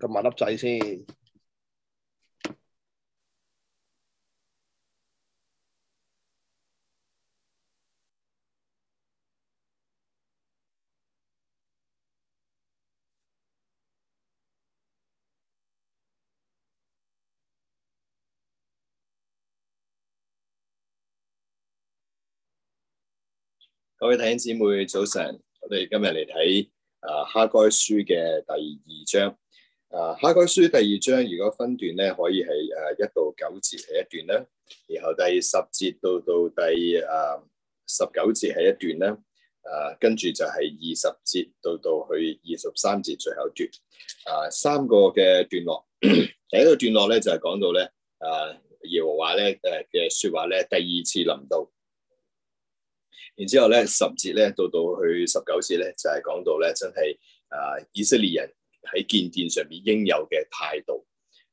個萬粒仔先，各位弟兄姊妹早晨。我哋今日嚟睇啊《哈該書》嘅第二章。啊，哈該書第二章如果分段咧，可以係誒一到九節係一段啦。然後第十節到到第誒十九節係一段啦。誒跟住就係二十節到到去二十三節最後一段，啊、呃、三個嘅段落。第一個段落咧就係講到咧，誒、呃、耶和華咧誒嘅說話咧第二次臨到，然之後咧十節咧到到去十九節咧就係、是、講到咧真係誒、呃、以色列人。喺見見上面應有嘅態度，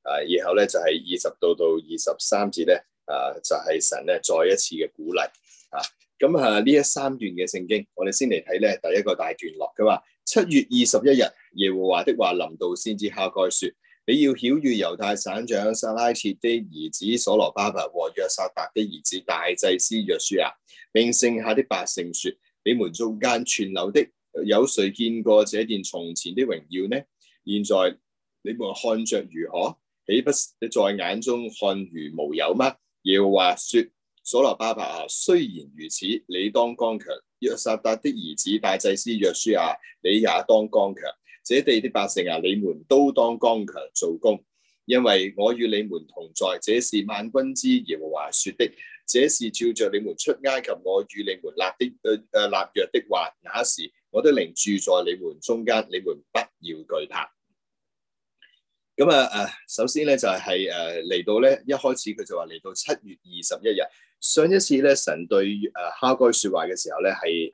啊，然後咧就係二十到到二十三節咧，啊就係、是、神咧再一次嘅鼓勵，啊，咁啊呢一三段嘅聖經，我哋先嚟睇咧第一個大段落，佢話七月二十一日耶和華的話臨到先知哈該說：你要曉諭猶太省長撒拉鐵的兒子所羅巴伯和約撒達的兒子大祭司約書亞，並剩下的百姓說：你們中間存留的，有誰見過這段從前的榮耀呢？現在你們看着如何，豈不你在眼中看如無有嗎？耶和華說：所羅巴伯啊，雖然如此，你當剛強；約撒答的兒子大祭司約書亞、啊，你也當剛強；這地的百姓啊，你們都當剛強做工，因為我與你們同在。這是萬軍之耶和華說的。這是照着你們出埃及，我與你們立的誒、呃、立約的話。那時我的靈住在你們中間，你們不要懼怕。咁啊，誒，首先咧就係誒嚟到咧，一開始佢就話嚟到七月二十一日。上一次咧，神對誒、啊、哈該説話嘅時候咧，係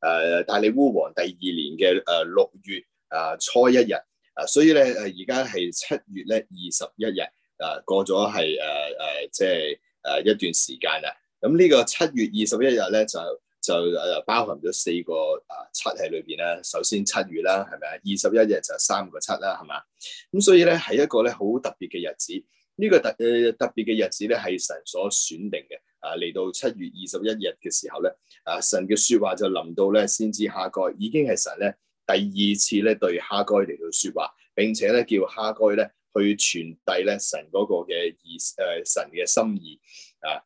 誒誒大利烏王第二年嘅誒、啊、六月誒、啊、初一日。啊，所以咧誒而家係七月咧二十一日，啊過咗係誒誒即係誒一段時間啦。咁呢個七月二十一日咧就。就誒包含咗四個啊七喺裏邊啦。首先七月啦，係咪啊？二十一日就三個七啦，係嘛？咁所以咧，係一個咧好特別嘅日子。呢、這個特誒、呃、特別嘅日子咧，係神所選定嘅啊！嚟到七月二十一日嘅時候咧，啊神嘅説話就臨到咧，先知哈該已經係神咧第二次咧對哈該嚟到説話，並且咧叫哈該咧去傳遞咧神嗰個嘅意誒神嘅心意啊。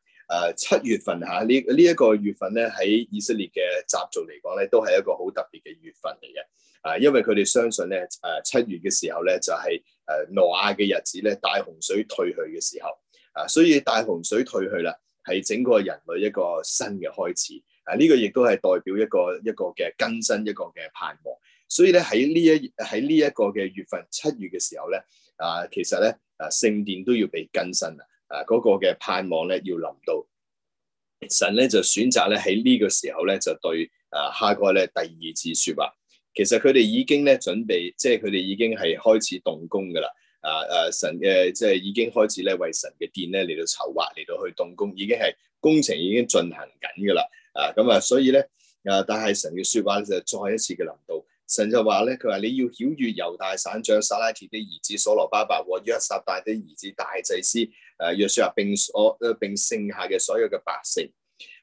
誒七月份嚇呢呢一個月份咧，喺以色列嘅習俗嚟講咧，都係一個好特別嘅月份嚟嘅。啊，因為佢哋相信咧，誒七月嘅時候咧，就係誒挪亞嘅日子咧，大洪水退去嘅時候。啊，所以大洪水退去啦，係整個人類一個新嘅開始。啊，呢個亦都係代表一個一個嘅更新，一個嘅盼望。所以咧喺呢一喺呢一個嘅月份七月嘅時候咧，啊其實咧誒聖殿都要被更新啦。啊！嗰、那個嘅盼望咧，要臨到神咧，就選擇咧喺呢個時候咧，就對啊哈該咧第二次説話。其實佢哋已經咧準備，即係佢哋已經係開始動工噶啦。啊啊！神嘅、呃、即係已經開始咧，為神嘅殿咧嚟到籌劃，嚟到去動工，已經係工程已經進行緊噶啦。啊咁啊、嗯，所以咧啊，但係神嘅説話呢就再一次嘅臨到，神就話咧佢話你要曉諭猶大省長撒拉鐵的兒子所羅巴伯和約撒大的兒子大祭司。誒約書亞並所誒並剩下嘅所有嘅百姓，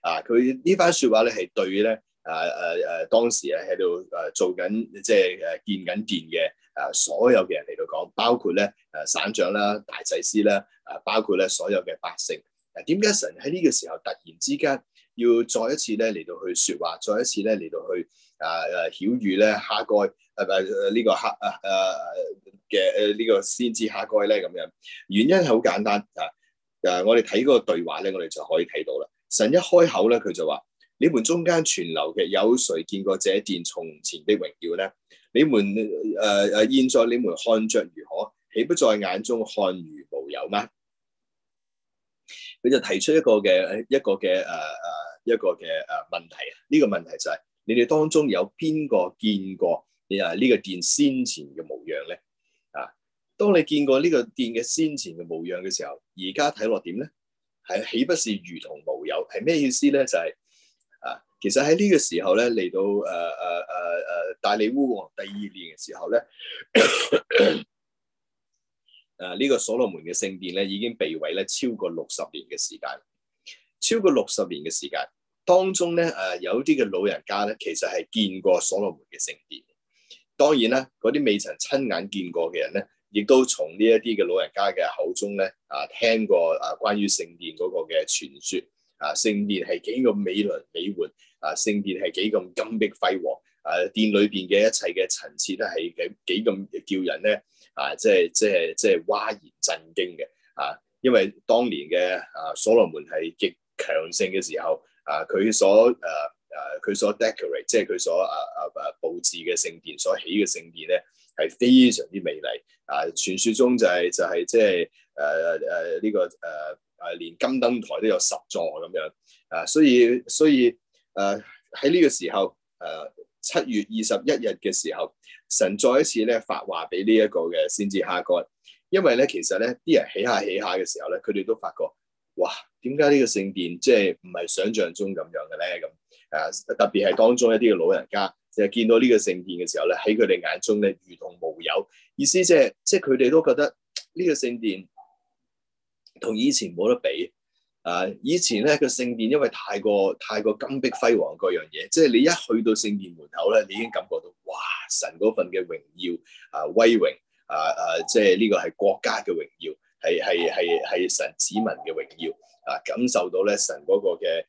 啊！佢呢番説話咧係對咧誒誒誒當時咧喺度誒做緊即係誒建緊殿嘅誒所有嘅人嚟到講，包括咧誒省長啦、大祭司啦，啊包括咧所有嘅百姓。啊點解神喺呢個時候突然之間要再一次咧嚟到去説話，再一次咧嚟到去啊啊曉喻咧哈該誒誒呢個哈誒誒嘅誒呢個先知哈該咧咁樣，原因係好簡單啊！啊，我哋睇嗰個對話咧，我哋就可以睇到啦。神一開口咧，佢就話：你們中間存留嘅，有誰見過這殿從前的榮耀咧？你們誒誒、呃，現在你們看著如何，豈不在眼中看如無有嗎？佢就提出一個嘅一個嘅誒誒一個嘅誒、呃呃呃呃、問題啊！呢、這個問題就係、是：你哋當中有邊個見過啊呢個殿先前嘅模樣咧？當你見過呢個殿嘅先前嘅模樣嘅時候，而家睇落點咧，係豈不是如同無有？係咩意思咧？就係、是、啊，其實喺呢個時候咧，嚟到誒誒誒誒大利烏王第二年嘅時候咧，誒呢、 啊這個所羅門嘅聖殿咧已經被毀咧超過六十年嘅時間，超過六十年嘅時間當中咧，誒、啊、有啲嘅老人家咧，其實係見過所羅門嘅聖殿。當然啦，嗰啲未曾親眼見過嘅人咧。亦都從呢一啲嘅老人家嘅口中咧，啊聽過啊關於聖殿嗰個嘅傳説，啊聖殿係幾咁美輪美奐，啊聖殿係幾咁金碧輝煌，啊殿裏邊嘅一切嘅陳設咧係幾幾咁叫人咧啊即係即係即係嘩然震驚嘅，啊因為當年嘅啊所羅門係極強盛嘅時候，啊佢所誒誒佢所 decorate 即係佢所啊啊啊佈置嘅聖殿所起嘅聖殿咧。係非常之美麗啊！傳說中就係、是、就係即係誒誒呢個誒誒、呃、連金燈台都有十座咁樣啊！所以所以誒喺呢個時候誒七、呃、月二十一日嘅時候，神再一次咧發話俾呢一個嘅先知哈該，因為咧其實咧啲人起下起下嘅時候咧，佢哋都發覺哇，點解呢個聖殿即係唔係想象中咁樣嘅咧？咁、啊、誒特別係當中一啲嘅老人家。就見到呢個聖殿嘅時候咧，喺佢哋眼中咧如同無有意思、即係，即係即係佢哋都覺得呢個聖殿同以前冇得比啊！以前咧、呢個聖殿因為太過太過金碧輝煌嗰樣嘢，即係你一去到聖殿門口咧，你已經感覺到哇！神嗰份嘅榮耀啊，威榮啊啊！即係呢個係國家嘅榮耀，係係係係神子民嘅榮耀。啊，感受到咧神嗰個嘅誒誒誒，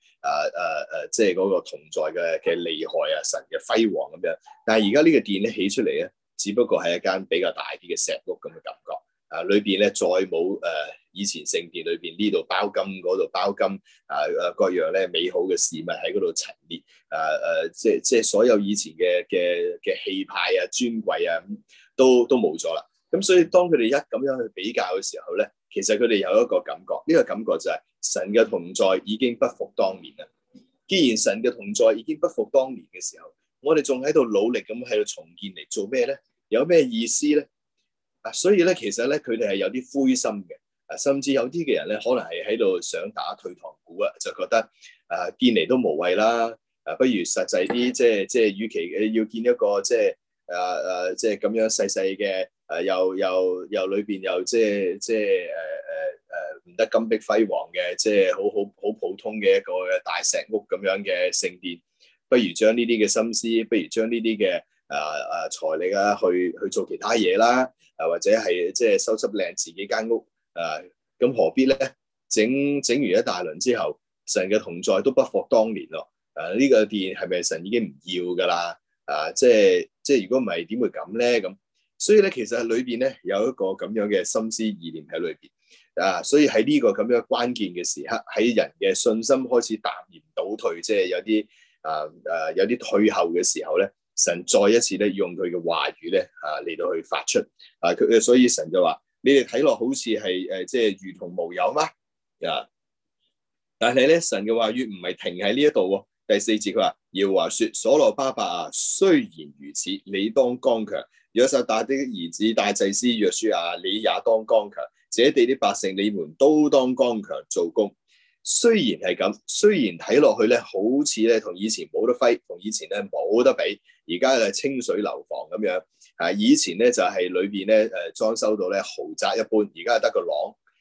即係嗰個同在嘅嘅厲害啊！神嘅輝煌咁樣。但係而家呢個殿咧起出嚟咧，只不過係一間比較大啲嘅石屋咁嘅感覺。啊、呃，裏邊咧再冇誒、呃、以前聖殿裏邊呢度包金嗰度包金啊誒、呃、各樣咧美好嘅事物喺嗰度陳列。啊、呃、誒、呃，即係即係所有以前嘅嘅嘅氣派啊尊貴啊，都都冇咗啦。咁所以當佢哋一咁樣去比較嘅時候咧。其實佢哋有一個感覺，呢個感覺就係神嘅同在已經不復當年啦。既然神嘅同在已經不復當年嘅時候，我哋仲喺度努力咁喺度重建嚟做咩咧？有咩意思咧？啊，所以咧，其實咧，佢哋係有啲灰心嘅。啊，甚至有啲嘅人咧，可能係喺度想打退堂鼓啊，就覺得啊，建嚟都無謂啦。啊，不如實際啲，即係即係，與其要建一個即係誒誒，即係咁樣細細嘅。誒又又又裏邊又即係即係誒誒誒唔得金碧輝煌嘅，即係好好好普通嘅一個大石屋咁樣嘅聖殿，不如將呢啲嘅心思，不如將呢啲嘅誒誒財力啦，去去做其他嘢啦，誒或者係即係收拾靚自己間屋，誒咁何必咧？整整完一大輪之後，神嘅同在都不復當年咯，誒呢個殿係咪神已經唔要噶啦？誒即係即係如果唔係點會咁咧？咁所以咧，其實喺裏邊咧有一個咁樣嘅心思意念喺裏邊啊，所以喺呢個咁樣關鍵嘅時刻，喺、啊啊、人嘅信心開始淡然倒退，即係有啲啊啊有啲退後嘅時候咧，神再一次咧用佢嘅話語咧啊嚟到去發出啊，佢所以神就話：你哋睇落好似係誒，即、呃、係如同無有嗎？啊！但係咧，神嘅話語唔係停喺呢一度喎。第四節佢話要話説：所羅巴伯啊，雖然如此，你當剛強。約薩達啲兒子大祭司約書亞，你也當剛強；這地啲百姓，你們都當剛強做工。雖然係咁，雖然睇落去咧，好似咧同以前冇得揮，同以前咧冇得比。而家係清水樓房咁樣啊！以前咧就係裏邊咧誒裝修到咧豪宅一般，而家係得個廊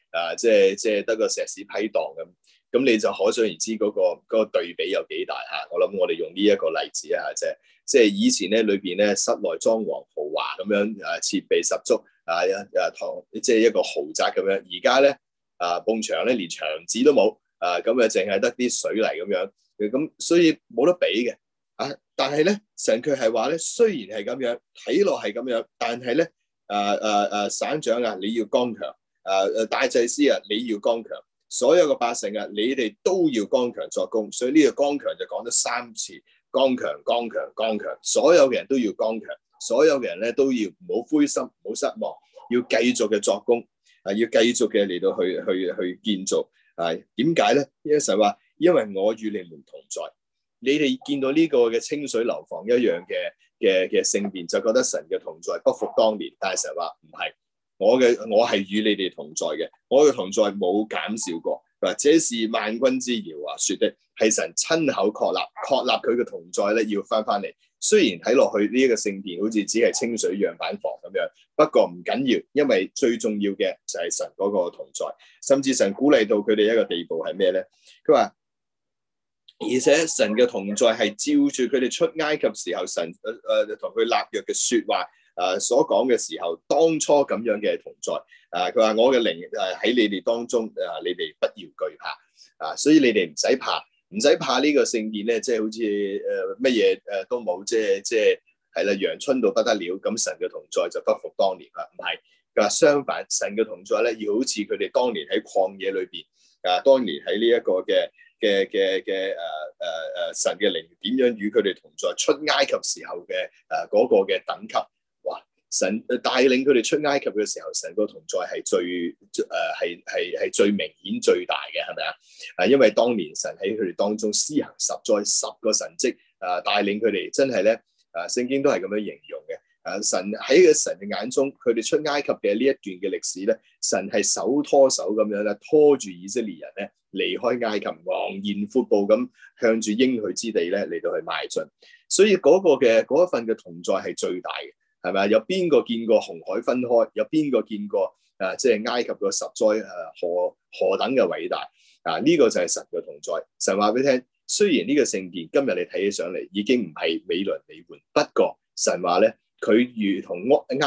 啊，即係即係得個石屎批盪咁。咁你就可想而知嗰個嗰個對比有幾大嚇！我諗我哋用呢一個例子啊，啫～即係以前咧，裏邊咧室內裝潢豪華咁樣，誒、啊、設備十足，啊啊，同即係一個豪宅咁樣。而家咧，啊埲牆咧連牆紙都冇，啊咁啊，淨係得啲水泥咁樣。咁、啊、所以冇得比嘅。啊，但係咧，成佢係話咧，雖然係咁樣，睇落係咁樣，但係咧，誒誒誒省長啊，你要剛強；誒、啊、誒大祭司啊，你要剛強；所有嘅百姓啊，你哋都要剛強作工。所以呢個剛強就講咗三次。剛強，剛強，剛強！所有嘅人都要剛強，所有嘅人咧都要唔好灰心，唔好失望，要繼續嘅作工，啊，要繼續嘅嚟到去去去建造。啊，點解咧？呢個神話，因為我與你們同在。你哋見到呢個嘅清水樓房一樣嘅嘅嘅聖殿，就覺得神嘅同在不復當年。但係神話唔係，我嘅我係與你哋同在嘅，我嘅同在冇減少過。嗱，這是萬軍之耶和華，説的係神親口確立，確立佢嘅同在咧，要翻返嚟。雖然睇落去呢一個聖殿好似只係清水樣板房咁樣，不過唔緊要，因為最重要嘅就係神嗰個同在。甚至神鼓勵到佢哋一個地步係咩咧？佢話，而且神嘅同在係照住佢哋出埃及時候神誒誒同佢立約嘅説話。誒所講嘅時候，當初咁樣嘅同在，誒佢話我嘅靈誒喺你哋當中，誒、啊、你哋不要懼怕，啊，所以你哋唔使怕，唔使怕個聖呢個聖殿咧，即係好似誒乜嘢誒都冇，即係即係係啦，陽、啊、春到不得了，咁神嘅同在就不復當年啦，唔、啊、係，佢話、啊、相反，神嘅同在咧，要好似佢哋當年喺曠野裏邊，啊，當年喺呢一個嘅嘅嘅嘅誒誒神嘅靈點樣與佢哋同在，出埃及時候嘅誒嗰個嘅等級。神帶領佢哋出埃及嘅時候，神個同在係最誒係係係最明顯最大嘅，係咪啊？因為當年神喺佢哋當中施行十災十個神蹟，啊，帶領佢哋真係咧，啊，聖經都係咁樣形容嘅。啊，神喺嘅神嘅眼中，佢哋出埃及嘅呢一段嘅歷史咧，神係手拖手咁樣咧拖住以色列人咧離開埃及，昂然闊步咁向住應許之地咧嚟到去邁進。所以嗰個嘅嗰一份嘅同在係最大嘅。係咪有邊個見過紅海分開？有邊個見過誒？即、啊、係、就是、埃及嘅十災誒何何等嘅偉大啊！呢、這個就係神嘅同在。神話俾你聽，雖然呢個聖殿今日你睇起上嚟已經唔係美輪美奐，不過神話咧，佢如同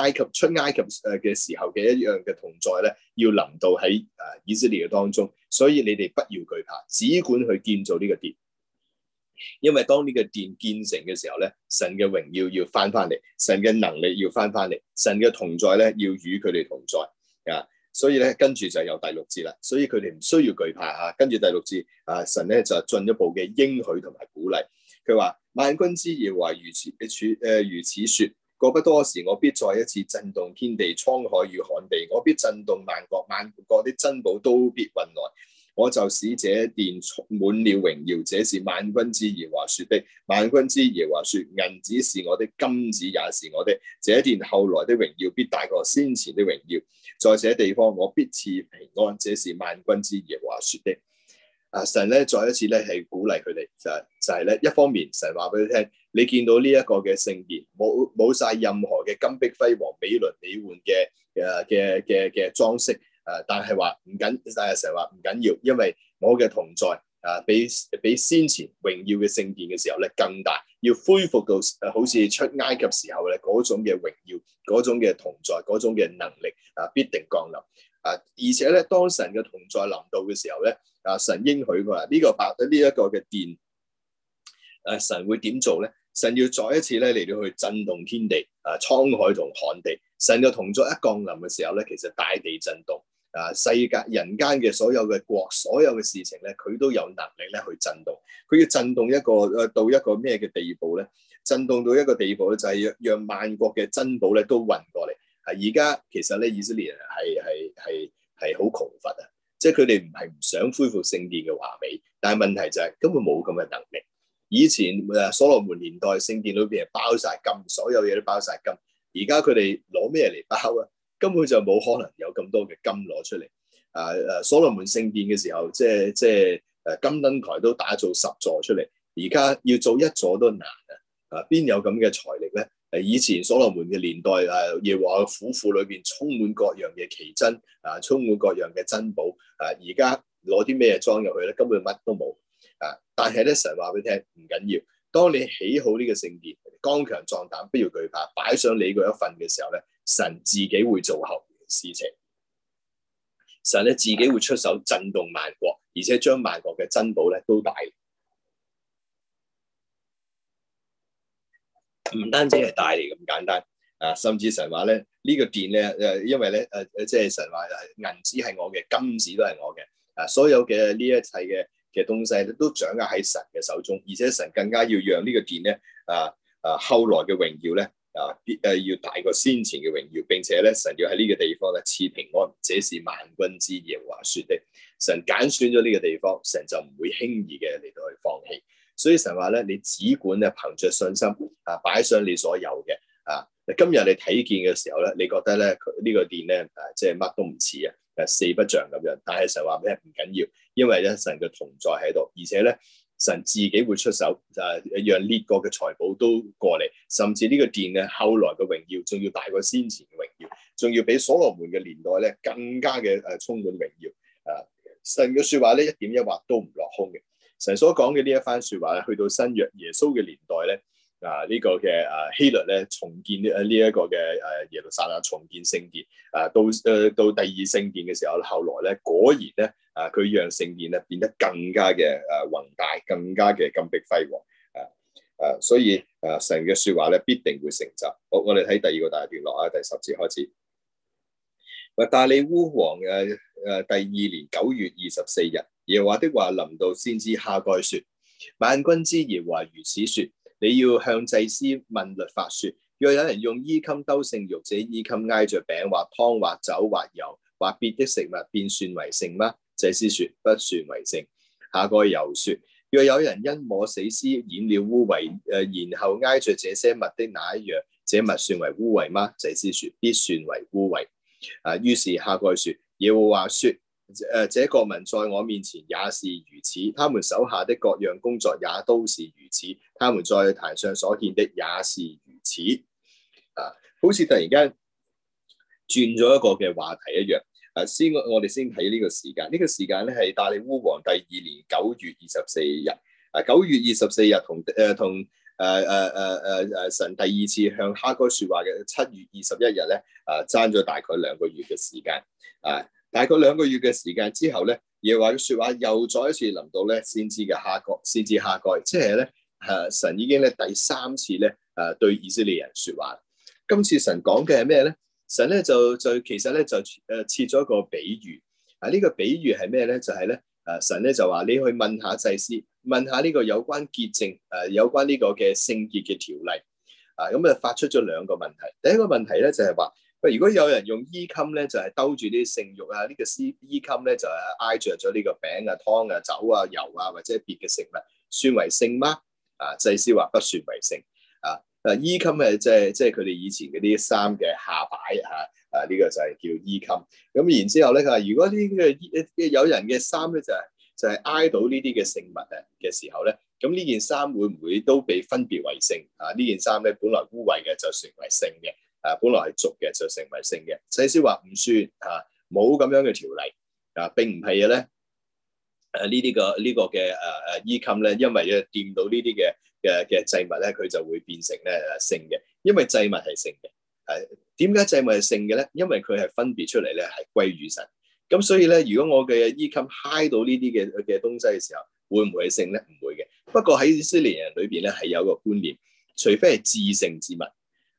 埃及出埃及誒嘅時候嘅一樣嘅同在咧，要臨到喺誒、啊、以色列嘅當中，所以你哋不要懼怕，只管去建造呢個殿。因為當呢個殿建成嘅時候咧，神嘅榮耀要翻翻嚟，神嘅能力要翻翻嚟，神嘅同在咧要與佢哋同在啊！所以咧跟住就有第六節啦，所以佢哋唔需要懼怕吓。跟、啊、住第六節啊，神咧就進一步嘅應許同埋鼓勵，佢話萬軍之耶和華如此嘅處誒如此說，過不多時我必再一次震動天地滄海與旱地，我必震動萬國，萬國啲珍寶都必運來。我就使這殿充滿了榮耀，這是萬軍之耶和華說的。萬軍之耶和華說，銀子是我的，金子也是我的。這殿後來的榮耀必大過先前的榮耀，在這地方我必賜平安，這是萬軍之耶和華說的。啊，神咧再一次咧係鼓勵佢哋就係、是、就係、是、咧一方面，神話俾佢聽，你見到呢一個嘅聖殿冇冇曬任何嘅金碧輝煌、美輪美奐嘅誒嘅嘅嘅裝飾。啊誒，但係話唔緊，但係成日話唔緊要，因為我嘅同在，誒、啊，比比先前榮耀嘅聖殿嘅時候咧更大，要恢復到好似出埃及時候咧嗰種嘅榮耀，嗰種嘅同在，嗰種嘅能力，啊，必定降臨。啊，而且咧，當神嘅同在臨到嘅時候咧，啊，神應許佢話呢個白呢一個嘅殿，誒、這個啊，神會點做咧？神要再一次咧嚟到去震動天地，啊，滄海同旱地，神嘅同在一降臨嘅時候咧，其實大地震動。啊！世界、人間嘅所有嘅國、所有嘅事情咧，佢都有能力咧去震動。佢要震動一個誒，到一個咩嘅地步咧？震動到一個地步咧，就係、是、讓讓萬國嘅珍寶咧都運過嚟。係而家其實咧，以色列人係係係係好窮乏啊！即係佢哋唔係唔想恢復聖殿嘅華美，但係問題就係根本冇咁嘅能力。以前誒、啊、所羅門年代聖殿裏邊係包晒金，所有嘢都包晒金。而家佢哋攞咩嚟包啊？根本就冇可能有咁多嘅金攞出嚟。啊！所羅門聖殿嘅時候，即係即係金燈台都打造十座出嚟，而家要做一座都難啊！啊，邊有咁嘅財力咧？誒、啊，以前所羅門嘅年代，誒、啊，耶和華嘅府庫裏邊充滿各樣嘅奇珍，啊，充滿各樣嘅珍寶。啊，而家攞啲咩裝入去咧？根本乜都冇。啊，但係咧成日話俾你聽唔緊要。當你起好呢個聖殿，剛強壯膽，不要懼怕，擺上你嗰一份嘅時候咧。神自己會做後事情，神咧自己會出手震動萬國，而且將萬國嘅珍寶咧都帶嚟。唔單止係帶嚟咁簡單啊，甚至神話咧呢個殿咧，誒，因為咧誒、啊、即係神話銀子係我嘅，金子都係我嘅啊，所有嘅呢一切嘅嘅東西咧都掌握喺神嘅手中，而且神更加要讓呢個殿咧，啊啊後來嘅榮耀咧。啊！必誒要大過先前嘅榮耀，並且咧神要喺呢個地方咧賜平安，這是萬軍之耶和華說的。神揀選咗呢個地方，神就唔會輕易嘅嚟到去放棄。所以神話咧，你只管咧憑着信心啊，擺上你所有嘅啊。今日你睇見嘅時候咧，你覺得咧佢呢個殿咧啊，即係乜都唔似啊，四不像咁樣。但係神話咧唔緊要，因為咧神嘅同在喺度，而且咧。神自己會出手，就、啊、係讓列國嘅財寶都過嚟，甚至呢個殿咧，後來嘅榮耀仲要大過先前嘅榮耀，仲要比所羅門嘅年代咧更加嘅誒充滿榮耀啊！神嘅説話咧一點一劃都唔落空嘅，神所講嘅呢一番説話咧，去到新約耶穌嘅年代咧。啊！呢、這個嘅啊希律咧重建呢呢一個嘅誒、啊、耶路撒冷重建聖殿啊，到誒到第二聖殿嘅時候，後來咧果然咧啊，佢讓聖殿咧變得更加嘅誒宏大，更加嘅金碧輝煌啊啊！所以啊，神嘅説話咧必定會成就。好，我哋睇第二個大段落啊，第十節開始。大利烏王嘅誒、啊啊、第二年九月二十四日，耶和華的話臨到先知哈該説：萬軍之耶和華如此説。你要向祭司問律法說：若有人用衣襟兜聖肉，或者衣襟挨着餅，或湯、或酒、或油、或別的食物，便算為聖嗎？祭司說：不算為聖。哈該又說：若有人因摸死屍染了污穢，誒、呃，然後挨着這些物的那一樣，這物算為污穢嗎？祭司說：必算為污穢。啊，於是哈該說：耶和華說，誒，這國民在我面前也是如此，他們手下的各樣工作也都是如此，他們在壇上所見的也是如此。啊，好似突然間轉咗一個嘅話題一樣。啊，先我哋先睇呢個時間，呢、呢個時間咧係大利烏王第二年九月二十四日，日。啊，九月二十四日同誒同誒誒誒誒誒神第二次向哈該說話嘅七月二十一日咧，啊，爭咗大概兩個月嘅時間。啊。大概兩個月嘅時間之後咧，耶和華嘅説話又再一次臨到咧，先知哈該，先知哈該，即係咧，誒、呃、神已經咧第三次咧，誒、呃、對以色列人説話。今次神講嘅係咩咧？神咧就就，就其實咧就誒設咗一個比喻。啊，呢、這個比喻係咩咧？就係、是、咧，誒、呃、神咧就話你去問下祭司，問下呢個有關潔淨，誒、呃、有關呢個嘅聖潔嘅條例。啊，咁啊發出咗兩個問題。第一個問題咧就係話。如果有人用衣襟咧，com, 就係兜住啲聖肉啊！呢、這個衣衣襟咧就係挨着咗呢個餅啊、湯啊、酒啊、油啊或者別嘅食物，算為聖嗎？啊，祭司話不算為聖。啊！啊，衣襟嘅即係即係佢哋以前嗰啲衫嘅下擺嚇，啊呢、啊這個就係叫衣、e、襟。咁然之後咧，佢話如果啲、這、嘅、個呃、有人嘅衫咧就係、是、就係、是、挨到呢啲嘅聖物嘅嘅時候咧，咁呢件衫會唔會都被分別為聖？啊？件呢件衫咧本來污穢嘅就成為聖嘅。誒本來係俗嘅，就成為聖嘅。西書話唔算嚇，冇、啊、咁樣嘅條例啊。並唔係嘅咧，誒、啊這個這個啊、呢啲個呢個嘅誒誒衣襟咧，因為咧掂到呢啲嘅嘅嘅祭物咧，佢就會變成咧誒聖嘅。因為祭物係聖嘅。誒點解祭物係聖嘅咧？因為佢係分別出嚟咧，係歸於神。咁所以咧，如果我嘅衣襟嗨到呢啲嘅嘅東西嘅時候，會唔會係聖咧？唔會嘅。不過喺以色列人裏邊咧，係有一個觀念，除非係自聖之物。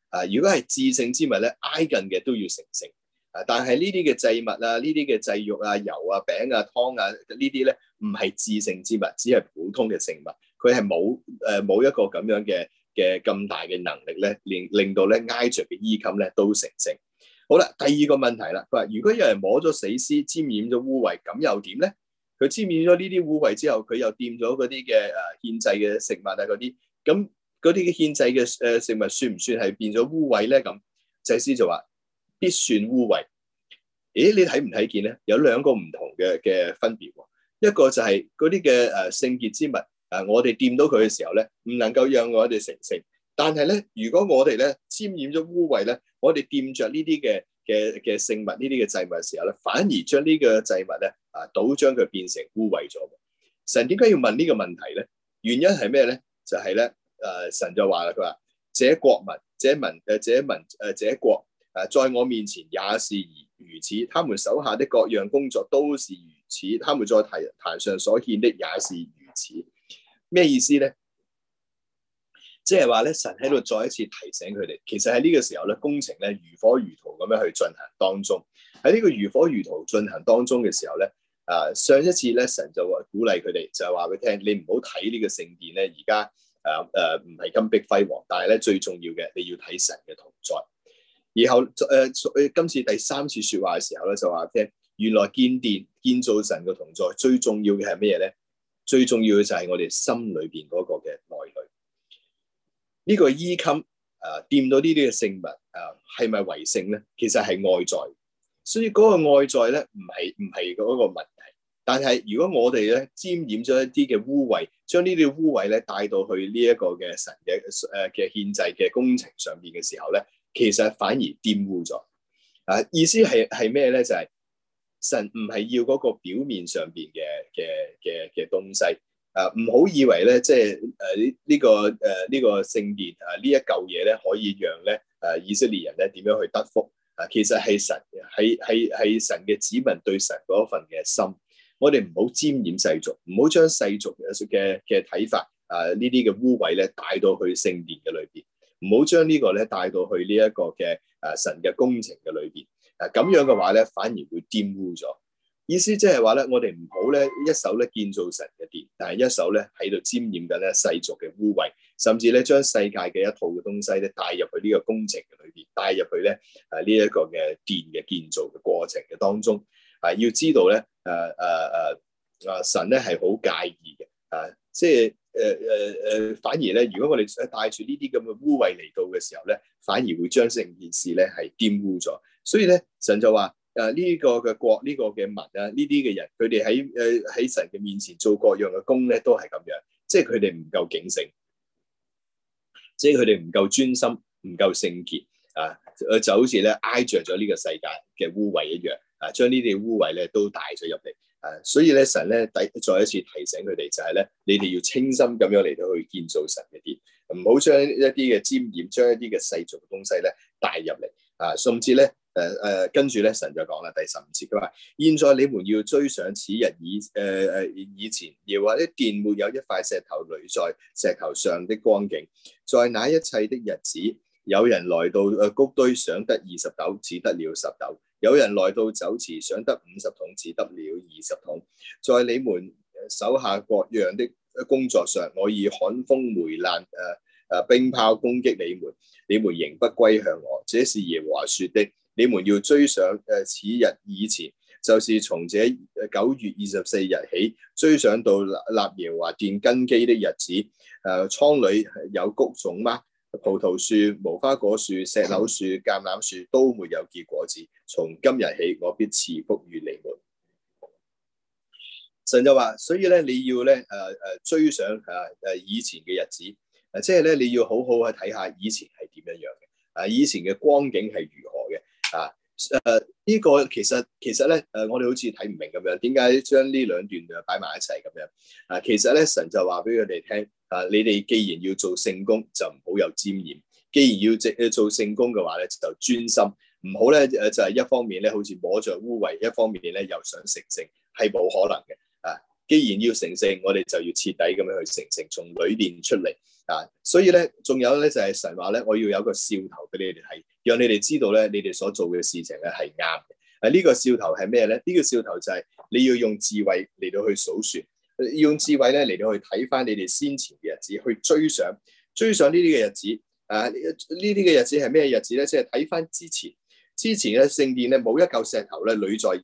啊！如果係自性之物咧，挨近嘅都要成聖。啊，但係呢啲嘅祭物啊、呢啲嘅祭肉啊、油啊、餅啊、湯啊呢啲咧，唔係至聖之物，只係普通嘅食物。佢係冇誒冇一個咁樣嘅嘅咁大嘅能力咧，令令到咧挨着嘅衣襟咧都成聖。好啦，第二個問題啦，佢話：如果有人摸咗死屍、沾染咗污穢，咁又點咧？佢沾染咗呢啲污穢之後，佢又掂咗嗰啲嘅誒獻祭嘅食物啊嗰啲，咁。嗰啲嘅獻祭嘅誒食物算唔算係變咗污穢咧？咁祭司就話：必算污穢。咦？你睇唔睇見咧？有兩個唔同嘅嘅分別喎。一個就係嗰啲嘅誒聖潔之物，誒、啊、我哋掂到佢嘅時候咧，唔能夠讓我哋成聖。但係咧，如果我哋咧沾染咗污穢咧，我哋掂着呢啲嘅嘅嘅聖物呢啲嘅祭物嘅時候咧，反而將呢個祭物咧啊，倒將佢變成污穢咗。神點解要問呢個問題咧？原因係咩咧？就係、是、咧。誒，神就話啦，佢話：這國民，這民，誒，這民，誒，這國，誒，在我面前也是如如此，他們手下的各樣工作都是如此，他們在台台上所獻的也是如此。咩意思咧？即係話咧，神喺度再一次提醒佢哋，其實喺呢個時候咧，工程咧如火如荼咁樣去進行當中。喺呢個如火如荼進行當中嘅時候咧，誒，上一次咧神就鼓勵佢哋，就係話俾佢聽，你唔好睇呢個聖殿咧，而家。誒誒唔係金碧輝煌，但係咧，最重要嘅，你要睇神嘅同在。然後誒，呃、今次第三次説話嘅時候咧，就話咧，原來建殿建造神嘅同在，最重要嘅係咩嘢咧？最重要嘅就係我哋心裏邊嗰個嘅內裏。這個呃呃、是是呢個衣襟誒掂到呢啲嘅聖物誒，係咪為聖咧？其實係外在，所以嗰個外在咧，唔係唔係嗰個物。但係，如果我哋咧沾染咗一啲嘅污穢，將呢啲污穢咧帶到去呢一個嘅神嘅誒嘅獻祭嘅工程上面嘅時候咧，其實反而玷污咗啊！意思係係咩咧？就係、是、神唔係要嗰個表面上邊嘅嘅嘅嘅東西啊！唔好以為咧，即係誒呢個誒呢、啊這個聖殿啊，一呢一嚿嘢咧可以讓咧誒、啊、以色列人咧點樣去得福啊？其實係神係係係神嘅子民對神嗰份嘅心。我哋唔好沾染世俗，唔好將世俗嘅嘅嘅睇法，啊呢啲嘅污穢咧帶到去聖殿嘅裏邊，唔好將呢個咧帶到去呢一個嘅啊神嘅工程嘅裏邊。啊咁樣嘅話咧，反而會玷污咗。意思即係話咧，我哋唔好咧一手咧建造神嘅殿，但係一手咧喺度沾染緊咧世俗嘅污穢，甚至咧將世界嘅一套嘅東西咧帶入去呢個工程嘅裏邊，帶入去咧啊呢一個嘅殿嘅建造嘅過程嘅當中。啊，要知道咧。誒誒誒啊！神咧係好介意嘅，啊，即係誒誒誒，反而咧，如果我哋帶住呢啲咁嘅污穢嚟到嘅時候咧，反而會將成件事咧係玷污咗。所以咧，神就話：誒呢個嘅國，呢個嘅民，啊，呢啲嘅人，佢哋喺誒喺神嘅面前做各樣嘅工咧，都係咁樣，即係佢哋唔夠警醒，即係佢哋唔夠專心，唔夠聖潔啊！誒，就好似咧挨着咗呢個世界嘅污穢一樣。啊！將呢啲污穢咧都帶咗入嚟啊！所以咧，神咧第再一次提醒佢哋就係咧，你哋要清心咁樣嚟到去建造神嘅殿，唔好將一啲嘅沾染，將一啲嘅世俗嘅東西咧帶入嚟啊！甚至咧，誒、啊、誒、啊，跟住咧，神就講啦，第十五節佢話：現在你們要追上此日以誒誒、呃、以前，要或者殿沒有一塊石頭壘在石頭上的光景，在那一切的日子，有人來到誒、啊、谷堆，想得二十斗，只得了十斗。有人來到酒池，想得五十桶，只得了二十桶。在你們手下各樣的工作上，我以旱風、霉爛、誒、呃、誒、呃、冰雹攻擊你們，你們仍不歸向我。這是耶和華說的。你們要追上誒此日以前，就是從這九月二十四日起，追上到立耶和華殿根基的日子。誒、呃，倉裏有谷種嗎？葡萄樹、無花果樹、石榴樹、橄欖樹都沒有結果子。從今日起，我必賜福於你們。神就話，所以咧，你要咧，誒誒，追上誒誒以前嘅日子，啊，即係咧，你要好好去睇下以前係點樣樣嘅，啊，以前嘅光景係如何嘅，啊，誒呢個其實其實咧，誒我哋好似睇唔明咁樣，點解將呢兩段又擺埋一齊咁樣？啊，其實咧，神就話俾佢哋聽。啊！你哋既然要做聖工，就唔好有沾染；既然要做聖工嘅話咧，就專心，唔好咧誒，就係、是、一方面咧，好似摸着污穢，一方面咧又想成聖，係冇可能嘅。啊！既然要成聖，我哋就要徹底咁樣去成聖，從裏邊出嚟。啊！所以咧，仲有咧就係、是、神話咧，我要有個兆頭俾你哋睇，讓你哋知道咧，你哋所做嘅事情咧係啱嘅。啊！呢、這個兆頭係咩咧？呢、這個兆頭就係、是、你要用智慧嚟到去數算。要用智慧咧嚟到去睇翻你哋先前嘅日子，去追上追上呢啲嘅日子。啊，呢啲嘅日子係咩日子咧？即係睇翻之前，之前嘅聖殿咧冇一嚿石頭咧，壘在誒誒、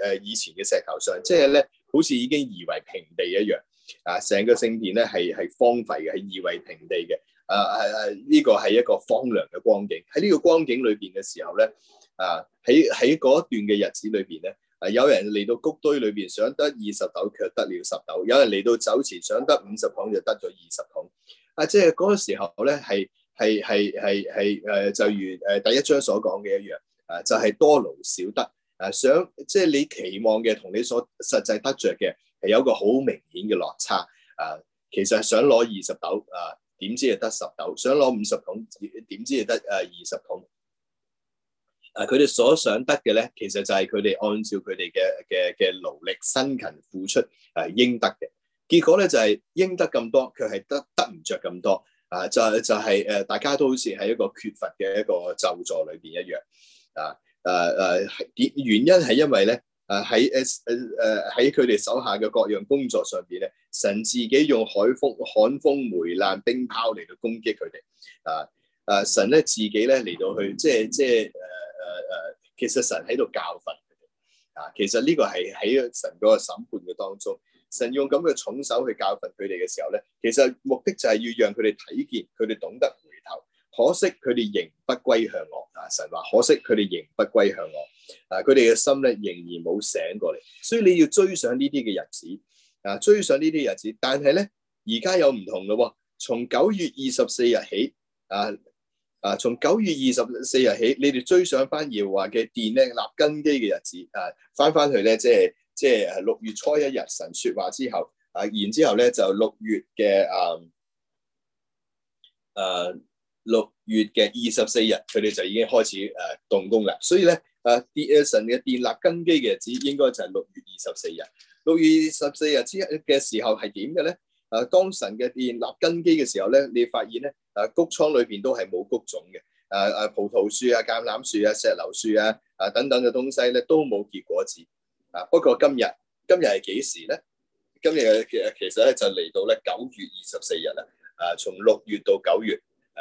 呃呃、以前嘅石頭上，即係咧好似已經夷為平地一樣。啊，成個聖殿咧係係荒廢嘅，係夷為平地嘅。啊啊啊！呢、呢個係一個荒涼嘅光景。喺呢個光景裏邊嘅時候咧，啊喺喺嗰一段嘅日子裏邊咧。啊！有人嚟到谷堆裏邊想得二十斗，卻得了十斗；有人嚟到酒池想得五十桶，就得咗二十桶。啊！即係嗰個時候咧，係係係係係誒，就如誒第一章所講嘅一樣。啊，就係、是、多勞少得。啊，想即係、就是、你期望嘅同你所實際得着嘅係有一個好明顯嘅落差。啊，其實係想攞二十斗啊，點知係得十斗？想攞五十桶，點知係得誒二十桶？啊！佢哋所想得嘅咧，其實就係佢哋按照佢哋嘅嘅嘅勞力辛勤付出，誒、啊、應得嘅。結果咧就係、是、應得咁多，卻係得得唔着咁多。啊！就就係誒，大家都好似喺一個缺乏嘅一個咒詛裏邊一樣。啊！誒、啊、誒、啊，原原因係因為咧，誒喺誒誒誒喺佢哋手下嘅各樣工作上邊咧，神自己用海風、寒風、霉爛冰雹嚟到攻擊佢哋。啊！誒、啊、神咧自己咧嚟到去，即係即係誒誒誒，其實神喺度教訓佢哋啊，其實呢個係喺神嗰個審判嘅當中，神用咁嘅重手去教訓佢哋嘅時候咧，其實目的就係要讓佢哋睇見，佢哋懂得回頭。可惜佢哋仍不歸向我啊！神話，可惜佢哋仍不歸向我啊！佢哋嘅心咧仍然冇醒過嚟，所以你要追上呢啲嘅日子啊！追上呢啲日子，但係咧而家有唔同咯，從九月二十四日起啊！啊！從九月二十四日起，你哋追上翻耶華嘅殿咧立根基嘅日子啊，翻翻去咧，即係即係六月初一日神説話之後啊，然之後咧就六月嘅誒誒六月嘅二十四日，佢哋就已經開始誒、啊、動工啦。所以咧啊，啲啊神嘅殿立根基嘅日子應該就係六月二十四日。六月二十四日之日嘅時候係點嘅咧？啊，當神嘅殿立根基嘅時候咧，你發現咧，啊谷倉裏邊都係冇谷種嘅，啊啊葡萄樹啊、橄欖樹啊、石榴樹啊啊等等嘅東西咧都冇結果子。啊不過今日，今日係幾時咧？今日其實咧就嚟到咧九月二十四日啦。啊，從六月到九月，誒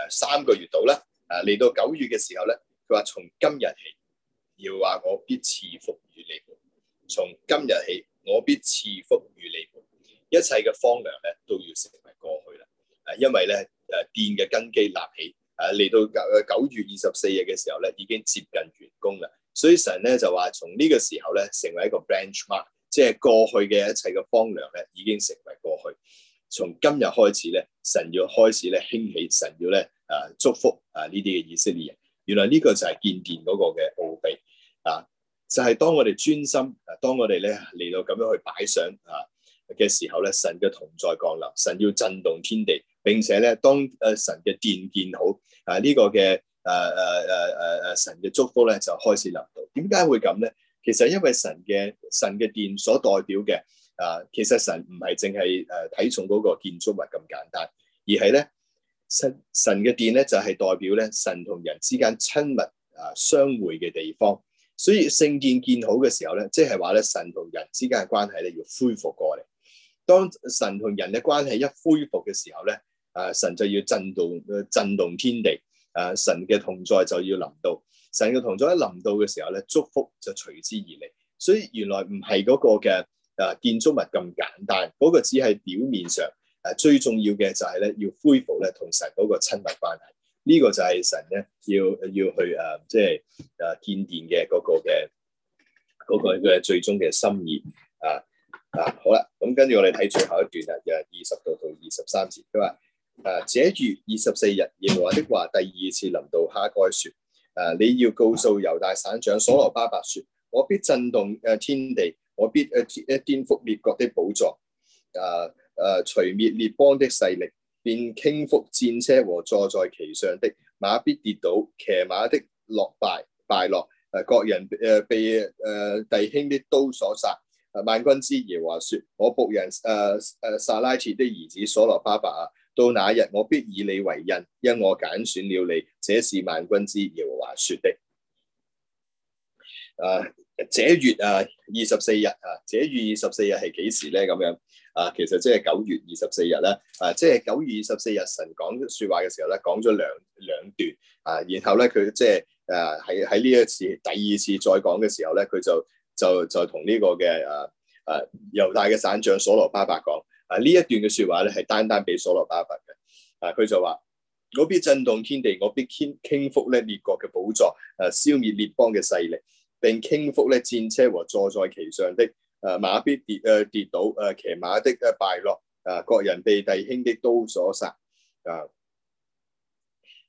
三個月度啦。啊嚟到九月嘅時候咧，佢話從今日起要話我必賜福與你，從今日起我必賜福與你。一切嘅荒涼咧都要成為過去啦，誒，因為咧誒殿嘅根基立起，誒、啊、嚟到九月二十四日嘅時候咧已經接近完工啦，所以神咧就話從呢個時候咧成為一個 benchmark，即係過去嘅一切嘅荒涼咧已經成為過去，從今日開始咧神要開始咧興起，神要咧誒祝福啊呢啲嘅以色列人，原來呢個就係建殿嗰個嘅奧秘啊，就係、是、當我哋專心、啊，當我哋咧嚟到咁樣去擺上啊。嘅時候咧，神嘅同在降臨，神要震動天地。並且咧，當誒神嘅殿建好啊，呢、這個嘅誒誒誒誒誒神嘅祝福咧就開始臨到。點解會咁咧？其實因為神嘅神嘅殿所代表嘅啊，其實神唔係淨係誒睇重嗰個建築物咁簡單，而係咧神神嘅殿咧就係、是、代表咧神同人之間親密啊相會嘅地方。所以聖殿建好嘅時候咧，即係話咧神同人之間嘅關係咧要恢復過嚟。當神同人嘅關係一恢復嘅時候咧，啊神就要震動，震動天地，啊神嘅同在就要臨到，神嘅同在一臨到嘅時候咧，祝福就隨之而嚟。所以原來唔係嗰個嘅啊建築物咁簡單，嗰、那個只係表面上，誒、啊、最重要嘅就係咧要恢復咧同神嗰個親密關係，呢、這個就係神咧要要去誒即係誒建殿嘅嗰個嘅、那個嘅、那個、最終嘅心意啊。啊，好啦，咁跟住我哋睇最後一段啦，又係二十度到二十三節。佢話：誒、啊、這月二十四日，耶和華的話第二次臨到哈該說。誒、啊、你要告訴猶大省長所羅巴伯說：我必震動誒天地，我必誒誒顛覆列國的寶藏。誒、啊、誒，除、啊、滅列邦的勢力，便傾覆戰車和坐在其上的馬，必跌倒，騎馬的落敗敗落。誒、啊、各人誒、啊、被誒弟、啊、兄的刀所殺。萬軍之耶和華説：我僕人誒誒撒拉切的兒子所羅巴伯啊，到那日我必以你為印，因我揀選了你。這是萬軍之耶和華説的。誒，這月啊，二十四日啊，這月二十四日係幾時咧？咁樣啊，其實即係九月二十四日啦。啊，即係九月二十四日，神講説話嘅時候咧，講咗兩兩段啊，然後咧佢即係誒喺喺呢、就是啊、一次第二次再講嘅時候咧，佢就。就就同呢個嘅誒誒猶大嘅省長所羅巴伯講啊，呢一段嘅說話咧係單單俾所羅巴伯嘅，啊佢就話，我必震動天地，我必傾傾覆咧列國嘅寶座誒，消滅列邦嘅勢力並傾覆咧戰車和坐在其上的誒、啊、馬必跌誒、啊、跌倒誒騎、啊、馬的誒敗落啊，各人被弟兄的刀所殺啊。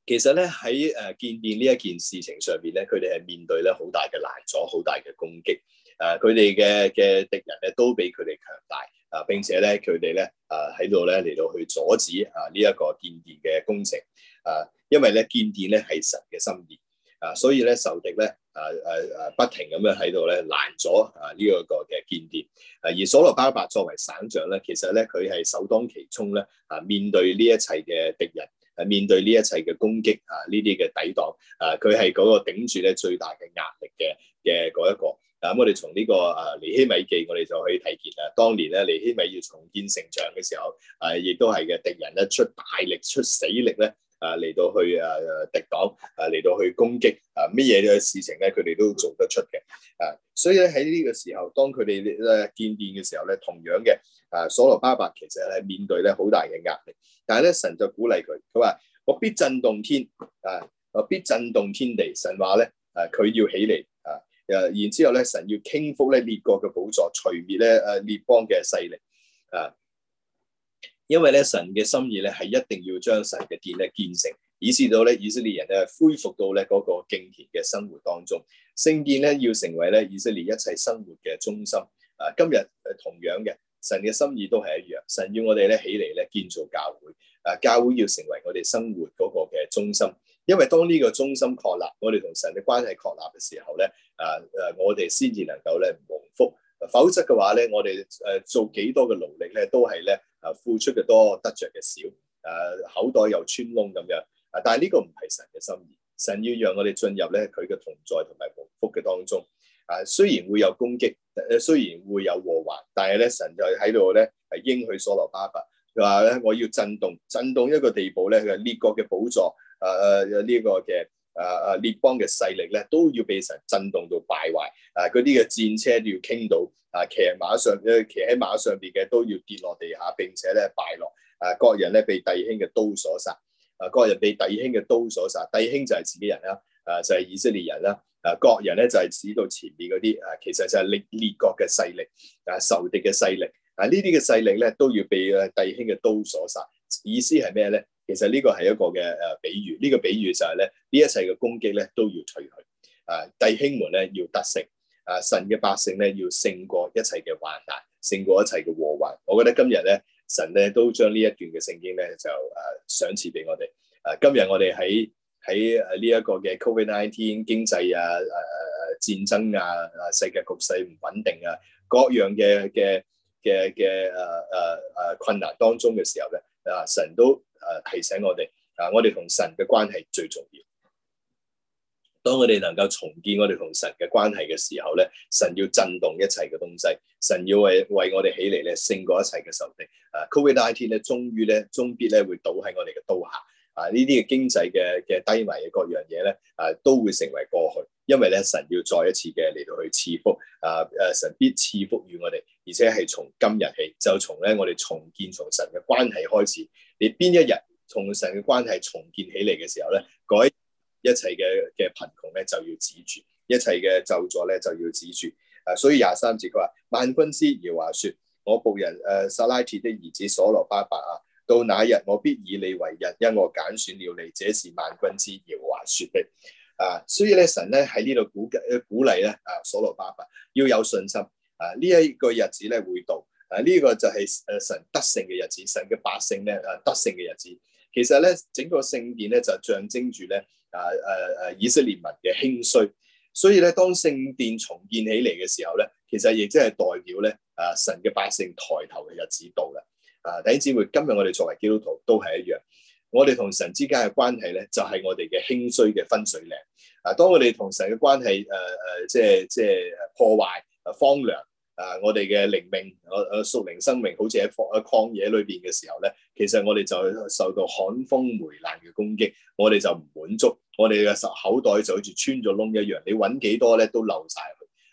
其實咧喺誒建殿呢一件事情上面咧佢哋係面對咧好大嘅攔阻，好大嘅攻擊。誒佢哋嘅嘅敵人咧都比佢哋強大，啊並且咧佢哋咧啊喺度咧嚟到去阻止啊呢一、這個建殿嘅工程，啊因為咧建殿咧係神嘅心意，啊所以咧受敵咧啊啊啊不停咁樣喺度咧攔咗啊呢一個嘅建殿，啊、而所羅巴伯作為省長咧，其實咧佢係首當其衝咧啊面對呢一切嘅敵人。誒面對呢一切嘅攻擊啊，呢啲嘅抵擋啊，佢係嗰個頂住咧最大嘅壓力嘅嘅嗰一個。咁、啊、我哋從呢個啊尼希米記，我哋就可以睇見啊，當年咧尼希米要重建城牆嘅時候，誒亦都係嘅敵人咧出大力出死力咧，誒、啊、嚟到去誒敵擋，誒、啊、嚟、啊、到去攻擊，誒咩嘢嘅事情咧，佢哋都做得出嘅。誒、啊、所以咧喺呢個時候，當佢哋咧建殿嘅時候咧，同樣嘅。啊，所羅巴伯其實係面對咧好大嘅壓力，但係咧神就鼓勵佢，佢話我必震動天，啊，我必震動天地。神話咧，啊，佢要起嚟，啊，誒，然之後咧，神要傾覆咧列國嘅寶座，除滅咧誒列邦嘅勢力，啊，因為咧神嘅心意咧係一定要將神嘅殿咧建成，以致到咧以色列人咧恢復到咧嗰個敬虔嘅生活當中，聖殿咧要成為咧以色列一切生活嘅中心，啊，今日誒同樣嘅。神嘅心意都係一樣，神要我哋咧起嚟咧建造教會，啊，教會要成為我哋生活嗰個嘅中心。因為當呢個中心確立，我哋同神嘅關係確立嘅時候咧，啊，誒，我哋先至能夠咧蒙福。否則嘅話咧，我哋誒做幾多嘅勞力咧，都係咧啊付出嘅多，得着嘅少，誒口袋又穿窿咁樣。但係呢個唔係神嘅心意，神要讓我哋進入咧佢嘅同在同埋蒙福嘅當中。啊，雖然會有攻擊，誒雖然會有禍患，但係咧神就喺度咧係應許所羅巴伯，佢話咧我要震動，震動一個地步咧嘅列國嘅寶座，啊、這個、啊呢個嘅啊啊列邦嘅勢力咧都要被神震動到敗壞，啊嗰啲嘅戰車都要傾倒，啊騎馬上，誒騎喺馬上邊嘅都要跌落地下，並且咧敗落，啊各人咧被弟兄嘅刀所殺，啊各人被弟兄嘅刀所殺，弟兄就係自己人啦。啊，就係以色列人啦！啊，各人咧就係指到前面嗰啲啊，其實就係列列國嘅勢力啊，仇敵嘅勢力啊，呢啲嘅勢力咧都要被啊弟兄嘅刀所殺。意思係咩咧？其實呢個係一個嘅誒比喻，呢、這個比喻就係咧呢一切嘅攻擊咧都要退去。啊，弟兄們咧要得勝，啊神嘅百姓咧要勝過一切嘅患難，勝過一切嘅禍患。我覺得今日咧神咧都將呢一段嘅聖經咧就誒賞賜俾我哋。啊，今日我哋喺。喺呢一個嘅 Covid nineteen 經濟啊、誒、啊、戰爭啊、世界局勢唔穩定啊、各樣嘅嘅嘅嘅誒誒誒困難當中嘅時候咧，啊，啊，啊，啊，啊神都誒提醒我哋，啊我哋同神嘅關係最重要。當我哋能夠重建我哋同神嘅關係嘅時候咧，神要震動一切嘅東西，神要為為我哋起嚟咧勝過一切嘅仇敵。誒、啊、Covid nineteen 咧，終於咧終必咧會倒喺我哋嘅刀下。啊！呢啲嘅經濟嘅嘅低迷嘅各樣嘢咧，啊都會成為過去，因為咧神要再一次嘅嚟到去賜福，啊啊神必賜福與我哋，而且係從今日起，就從咧我哋重建從神嘅關係開始。你邊一日從神嘅關係重建起嚟嘅時候咧，一,一切嘅嘅貧窮咧就要止住，一切嘅咒詛咧就要止住。啊，所以廿三節佢話：萬軍之耶和華說，我僕人誒撒、啊、拉鐵的兒子所羅巴伯啊。到那日我必以你為日，因我揀選了你，這是萬軍之耶和華說的啊！所以咧，神咧喺呢度鼓嘅鼓勵咧啊，所羅巴伯要有信心啊！呢、這、一個日子咧會到啊！呢、這個就係誒神得勝嘅日子，神嘅百姓咧啊得勝嘅日子。其實咧整個聖殿咧就象徵住咧啊誒誒、啊、以色列民嘅興衰，所以咧當聖殿重建起嚟嘅時候咧，其實亦即係代表咧啊神嘅百姓抬頭嘅日子到啦。啊，弟兄姊妹，今日我哋作為基督徒都係一樣，我哋同神之間嘅關係咧，就係、是、我哋嘅興衰嘅分水嶺。啊，當我哋同神嘅關係，誒、呃、誒，即係即係破壞、荒涼啊，我哋嘅靈命，我我屬靈生命，好似喺曠曠野裏邊嘅時候咧，其實我哋就受到旱風霉爛嘅攻擊，我哋就唔滿足，我哋嘅口袋就好似穿咗窿一樣，你揾幾多咧都漏曬，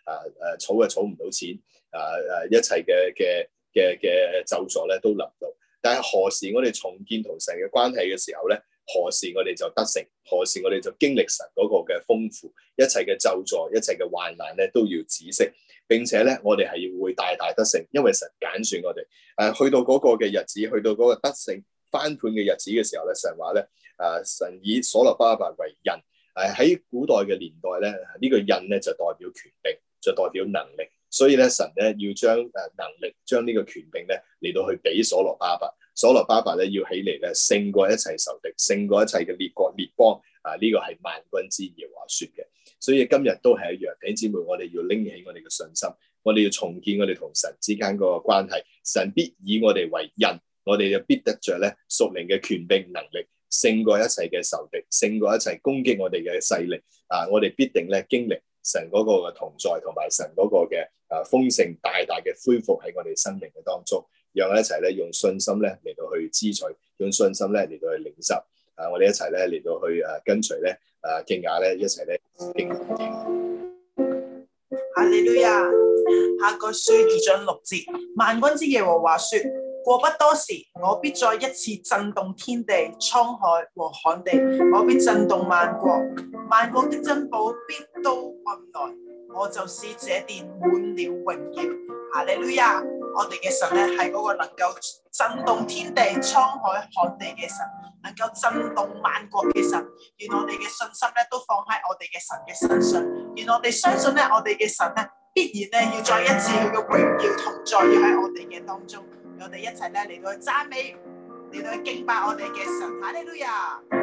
啊啊，儲啊儲唔到錢，啊啊，一切嘅嘅。啊啊嘅嘅咒詛咧都臨到，但係何時我哋重建同神嘅關係嘅時候咧，何時我哋就得勝，何時我哋就經歷神嗰個嘅豐富？一切嘅咒詛、一切嘅患難咧都要止息。並且咧，我哋係會大大得勝，因為神揀選我哋。誒、啊，去到嗰個嘅日子，去到嗰個得勝翻盤嘅日子嘅時候咧，神話咧誒、啊，神以所羅巴伯為印。誒、啊，喺古代嘅年代咧，這個、呢個印咧就代表權力，就代表能力。所以咧，神咧要將誒能力，將呢個權柄咧嚟到去俾所羅巴伯，所羅巴伯咧要起嚟咧勝過一切仇敵，勝過一切嘅列國列邦。啊，呢、這個係萬軍之言話説嘅。所以今日都係一樣，弟兄姊妹，我哋要拎起我哋嘅信心，我哋要重建我哋同神之間嗰個關係。神必以我哋為人，我哋就必得着咧屬靈嘅權柄、能力，勝過一切嘅仇敵，勝過一切攻擊我哋嘅勢力。啊，我哋必定咧經歷。神嗰個嘅同在，同埋神嗰個嘅誒豐盛大大嘅恢復喺我哋生命嘅當中，讓我一齊咧用信心咧嚟到去支取，用信心咧嚟到，到去領受，啊，我哋一齊咧嚟到去誒、啊、跟隨咧誒敬亞咧一齊咧敬。呢，哈利路亞，哈該書二章六節，萬軍之耶和華説：過不多時，我必再一次震動天地、滄海和旱地，我必震動萬國。萬國的珍寶必都運來，我就使這殿滿了榮耀。哈利路亞！我哋嘅神咧係嗰個能夠震動天地、滄海、旱地嘅神，能夠震動萬國嘅神。願我哋嘅信心咧都放喺我哋嘅神嘅身上。願我哋相信咧，我哋嘅神咧必然咧要再一次佢嘅榮耀同在，要喺我哋嘅當中。我哋一齊咧嚟到去讚美，嚟到去敬拜我哋嘅神。哈利路亞！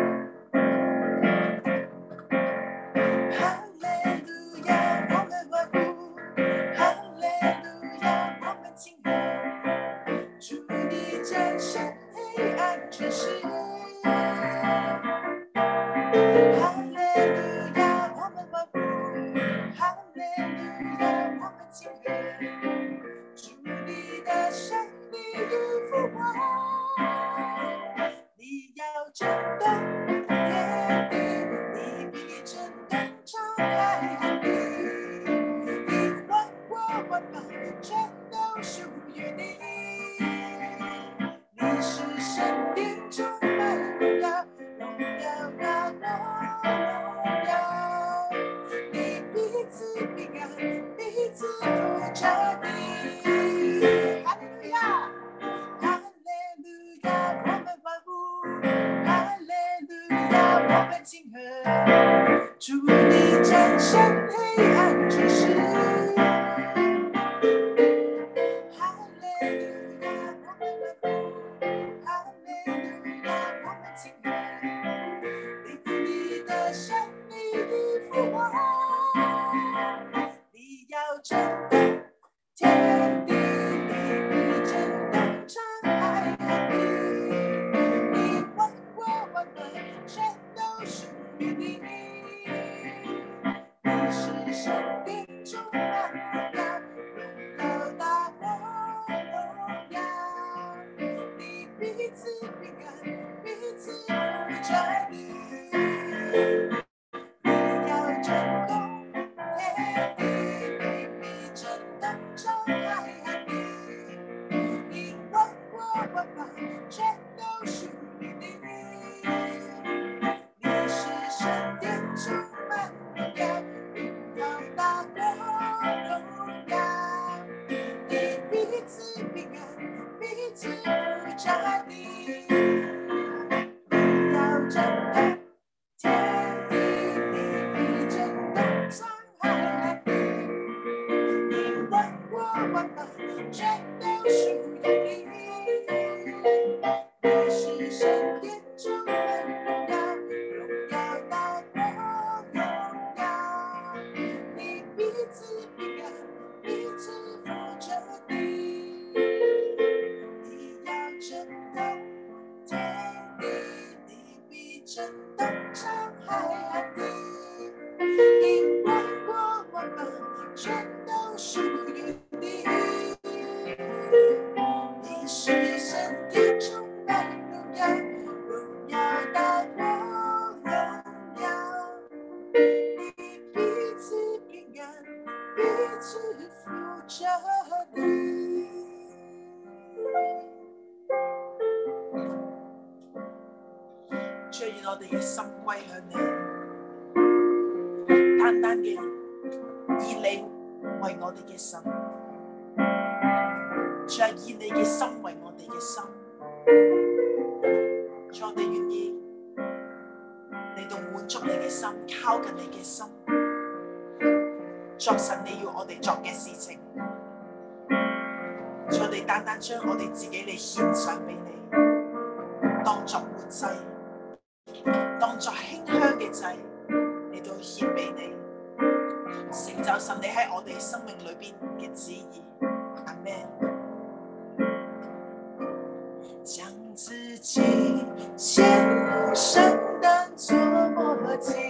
靠近你嘅心，作神你要我哋做嘅事情，我哋單單將我哋自己嚟獻上俾你，當作活祭，當作馨香嘅祭，嚟到獻俾你，成就神你喺我哋生命裏邊嘅旨意。阿門。將自己獻上當作活祭。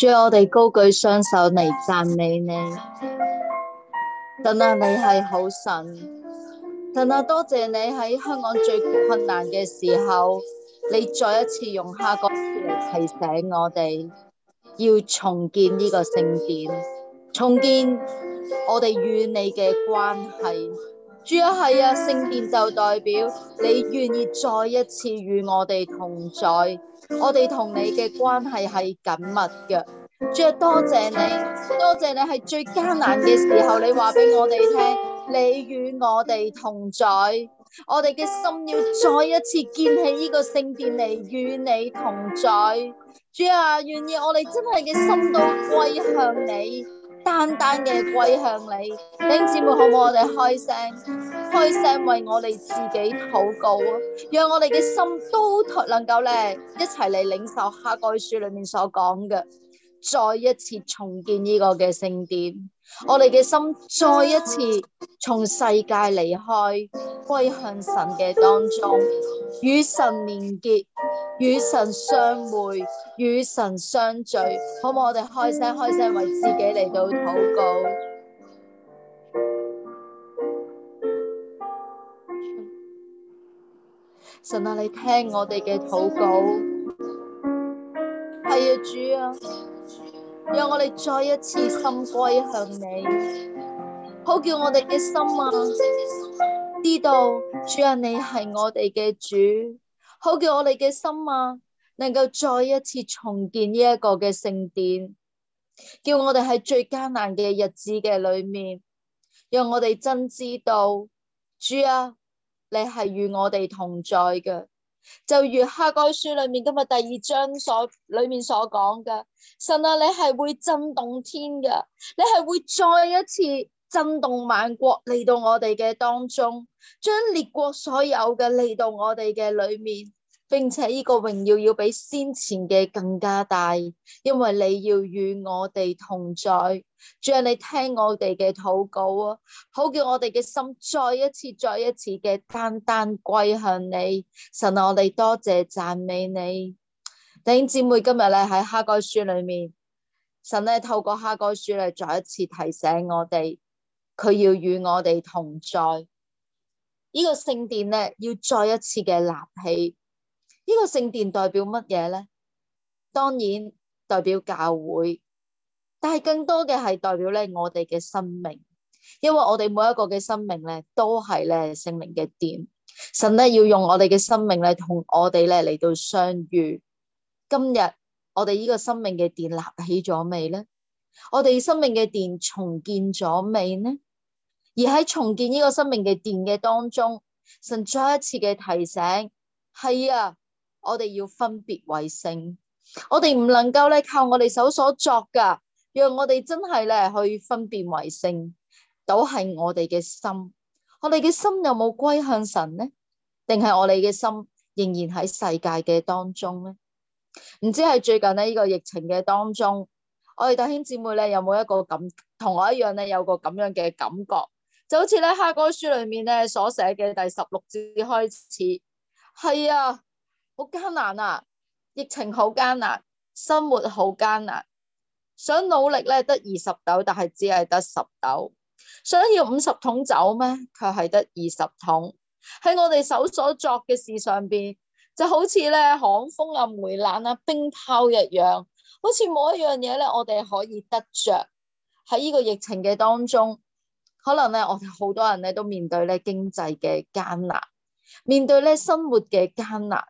主，我哋高舉雙手嚟讚美你，神啊，你係好神，神啊，多謝你喺香港最困難嘅時候，你再一次用下個字嚟提醒我哋，要重建呢個聖殿，重建我哋與你嘅關係。主啊，係啊，聖殿就代表你願意再一次與我哋同在。我哋同你嘅關係係緊密嘅，主啊，多謝你，多謝你係最艱難嘅時候，你話俾我哋聽，你與我哋同在，我哋嘅心要再一次建起呢個聖殿嚟與你同在，主啊，願意我哋真係嘅心都歸向你。單單嘅歸向你，弟兄姊妹，好唔好我哋開聲？開聲為我哋自己禱告啊！讓我哋嘅心都能夠咧一齊嚟領受《哈該書》裏面所講嘅，再一次重建呢個嘅聖殿。我哋嘅心再一次從世界離開，歸向神嘅當中，與神連結，與神相會，與神相聚，好唔好？我哋開聲，開聲為自己嚟到禱告。神啊，你聽我哋嘅禱告，係啊，主啊！讓我哋再一次心歸向你，好叫我哋嘅心啊，知道主啊，你係我哋嘅主，好叫我哋嘅心啊，能夠再一次重建呢一個嘅聖殿。叫我哋喺最艱難嘅日子嘅裏面，讓我哋真知道主啊，你係與我哋同在嘅。就如《哈該書》裏面今日第二章所裏面所講嘅，神啊，你係會震動天嘅，你係會再一次震動萬國嚟到我哋嘅當中，將列國所有嘅嚟到我哋嘅裏面。並且呢個榮耀要比先前嘅更加大，因為你要與我哋同在。主啊，你聽我哋嘅禱告啊，好叫我哋嘅心再一次、再一次嘅單單歸向你。神我哋多謝讚美你。弟兄姊妹今，今日咧喺哈該書裏面，神咧透過哈該書咧再一次提醒我哋，佢要與我哋同在。呢、這個聖殿咧要再一次嘅立起。呢個聖殿代表乜嘢咧？當然代表教會，但係更多嘅係代表咧我哋嘅生命，因為我哋每一個嘅生命咧都係咧聖靈嘅殿。神咧要用我哋嘅生命咧同我哋咧嚟到相遇。今日我哋呢個生命嘅殿立起咗未咧？我哋生命嘅殿重建咗未呢？而喺重建呢個生命嘅殿嘅當中，神再一次嘅提醒係啊。我哋要分別為聖，我哋唔能夠咧靠我哋手所作噶。讓我哋真係咧去分別為聖，都係我哋嘅心。我哋嘅心有冇歸向神呢？定係我哋嘅心仍然喺世界嘅當中呢？唔知喺最近呢呢個疫情嘅當中，我哋弟兄姊妹咧有冇一個感覺，同我一樣咧有個咁樣嘅感覺？就好似咧《哈該書》裏面咧所寫嘅第十六節開始，係啊。好艱難啊！疫情好艱難，生活好艱難。想努力咧，得二十斗，但係只係得十斗。想要五十桶酒咩？卻係得二十桶。喺我哋手所作嘅事上邊，就好似咧旱風啊、霉爛啊、冰雹一樣，好似冇一樣嘢咧，我哋可以得着喺呢個疫情嘅當中。可能咧，我哋好多人咧都面對咧經濟嘅艱難，面對咧生活嘅艱難。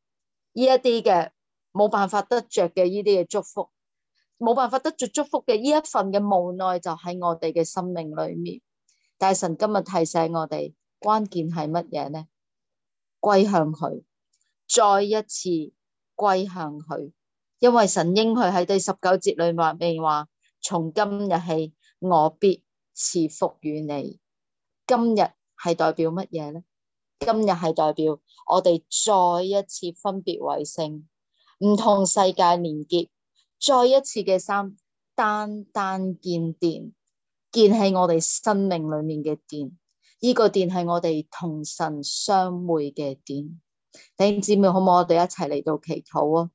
呢一啲嘅冇辦法得着嘅呢啲嘅祝福，冇辦法得着祝福嘅呢一份嘅無奈就喺我哋嘅生命裏面。但係神今日提醒我哋，關鍵係乜嘢呢？歸向佢，再一次歸向佢，因為神應許喺第十九節裏話，畀你話從今日起，我必賜福與你。今日係代表乜嘢呢？今日係代表我哋再一次分別為聖，唔同世界連結，再一次嘅三單單建殿，建起我哋生命裏面嘅殿，呢、這個殿係我哋同神相會嘅殿。弟兄姊妹，可唔可以我哋一齊嚟到祈禱啊？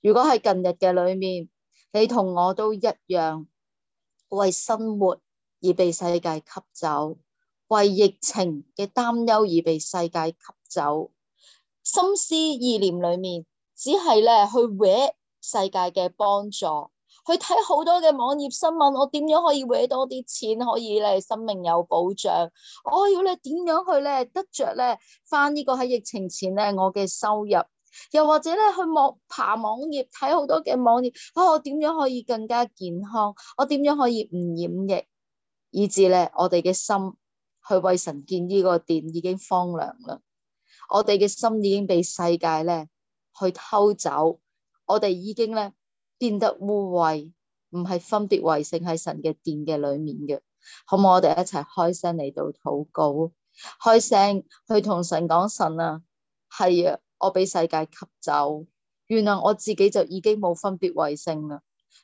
如果喺近日嘅裏面，你同我都一樣為生活而被世界吸走，為疫情嘅擔憂而被世界吸走，心思意念裏面只係咧去搲世界嘅幫助，去睇好多嘅網頁新聞，我點樣可以搲多啲錢，可以咧生命有保障？我要你點樣去咧得着咧翻呢個喺疫情前咧我嘅收入？又或者咧去網爬網頁，睇好多嘅網頁，啊，我點樣可以更加健康？我點樣可以唔染疫？以致咧我哋嘅心。去為神建呢個殿已經荒涼啦，我哋嘅心已經被世界咧去偷走，我哋已經咧變得污穢，唔係分別為聖喺神嘅殿嘅裏面嘅，好唔好？我哋一齊開聲嚟到禱告，開聲去同神講，神啊，係啊，我俾世界吸走，原來我自己就已經冇分別為聖啦，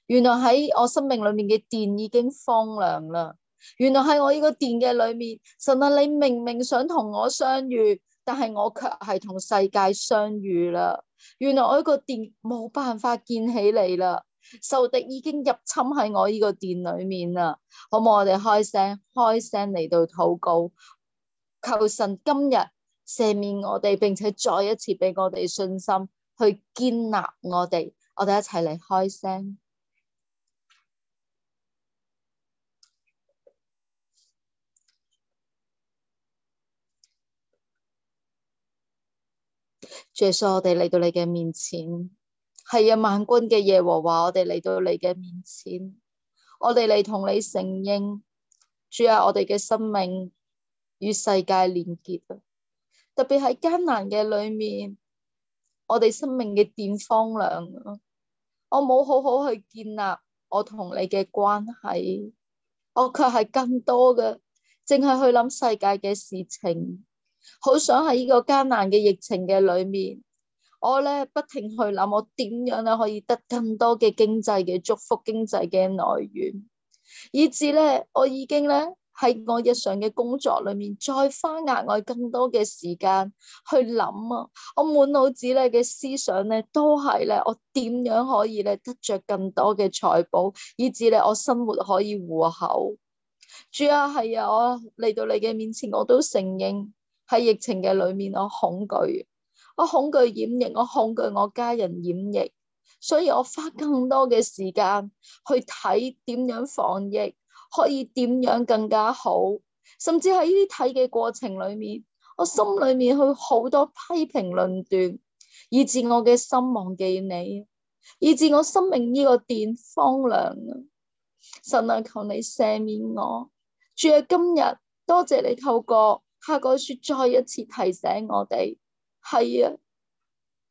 原來喺我生命裏面嘅殿已經荒涼啦。原來喺我呢個殿嘅裏面，神啊，你明明想同我相遇，但係我卻係同世界相遇啦。原來我呢個殿冇辦法建起嚟啦，仇敵已經入侵喺我呢個殿裏面啦。好唔好？我哋開聲，開聲嚟到禱告，求神今日赦免我哋，並且再一次俾我哋信心去建立我哋。我哋一齊嚟開聲。耶穌，我哋嚟到你嘅面前，係啊，萬軍嘅耶和華，我哋嚟到你嘅面前，我哋嚟同你承認，主啊，我哋嘅生命與世界連結啊，特別係艱難嘅裏面，我哋生命嘅點荒涼，我冇好好去建立我同你嘅關係，我卻係更多嘅，淨係去諗世界嘅事情。好想喺呢個艱難嘅疫情嘅裏面，我咧不停去諗，我點樣咧可以得更多嘅經濟嘅祝福、經濟嘅來源，以至咧我已經咧喺我日常嘅工作裏面再花額外更多嘅時間去諗啊！我滿腦子咧嘅思想咧都係咧，我點樣可以咧得着更多嘅財寶，以至咧我生活可以糊口。主要係啊，我嚟到你嘅面前，我都承認。喺疫情嘅裏面，我恐懼，我恐懼染疫，我恐懼我家人染疫，所以我花更多嘅時間去睇點樣防疫，可以點樣更加好，甚至喺呢啲睇嘅過程裏面，我心裏面有好多批評論斷，以至我嘅心忘記你，以至我生命呢個電荒涼啊！神啊，求你赦免我，住喺今日，多謝你透過。下個雪再一次提醒我哋，係啊。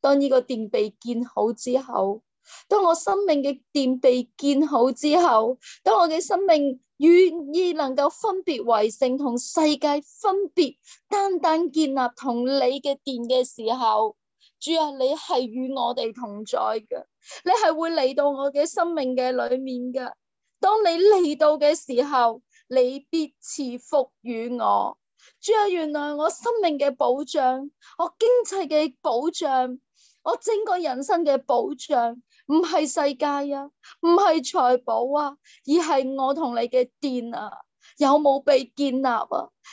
當呢個殿被建好之後，當我生命嘅殿被建好之後，當我嘅生命願意能夠分別為聖同世界分別，單單建立同你嘅殿嘅時候，主啊，你係與我哋同在嘅，你係會嚟到我嘅生命嘅裏面嘅。當你嚟到嘅時候，你必賜福與我。主啊，原來我生命嘅保障，我經濟嘅保障，我整個人生嘅保障，唔係世界啊，唔係財寶啊，而係我同你嘅殿啊，有冇被建立啊？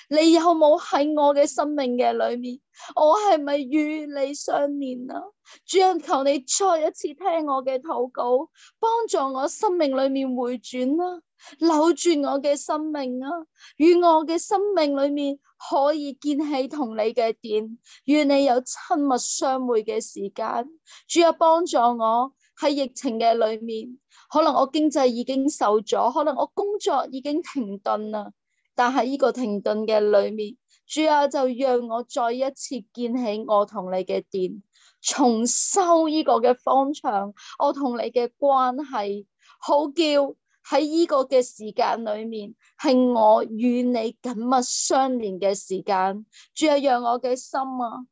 你有冇喺我嘅生命嘅裏面？我係咪與你相連啊？主啊，求你再一次聽我嘅禱告，幫助我生命裏面回轉啊！扭住我嘅生命啊！願我嘅生命裏面可以建起同你嘅殿，願你有親密相會嘅時間。主啊，幫助我喺疫情嘅裏面，可能我經濟已經受咗，可能我工作已經停頓啦。但係呢個停頓嘅裏面，主啊，就讓我再一次建起我同你嘅殿，重修呢個嘅方向。我同你嘅關係好叫。喺呢個嘅時間裏面，係我與你緊密相連嘅時間。主啊，讓我嘅心啊，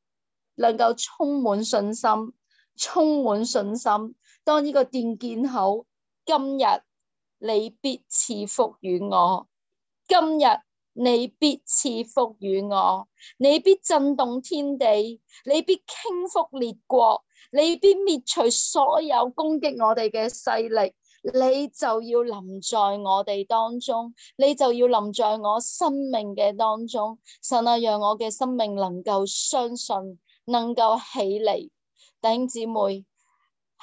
能夠充滿信心，充滿信心。當呢個電鍵口今日你必賜福與我，今日你必賜福與我，你必震動天地，你必傾覆列國，你必滅除所有攻擊我哋嘅勢力。你就要臨在我哋當中，你就要臨在我生命嘅當中，神啊，讓我嘅生命能夠相信，能夠起嚟。弟兄姊妹，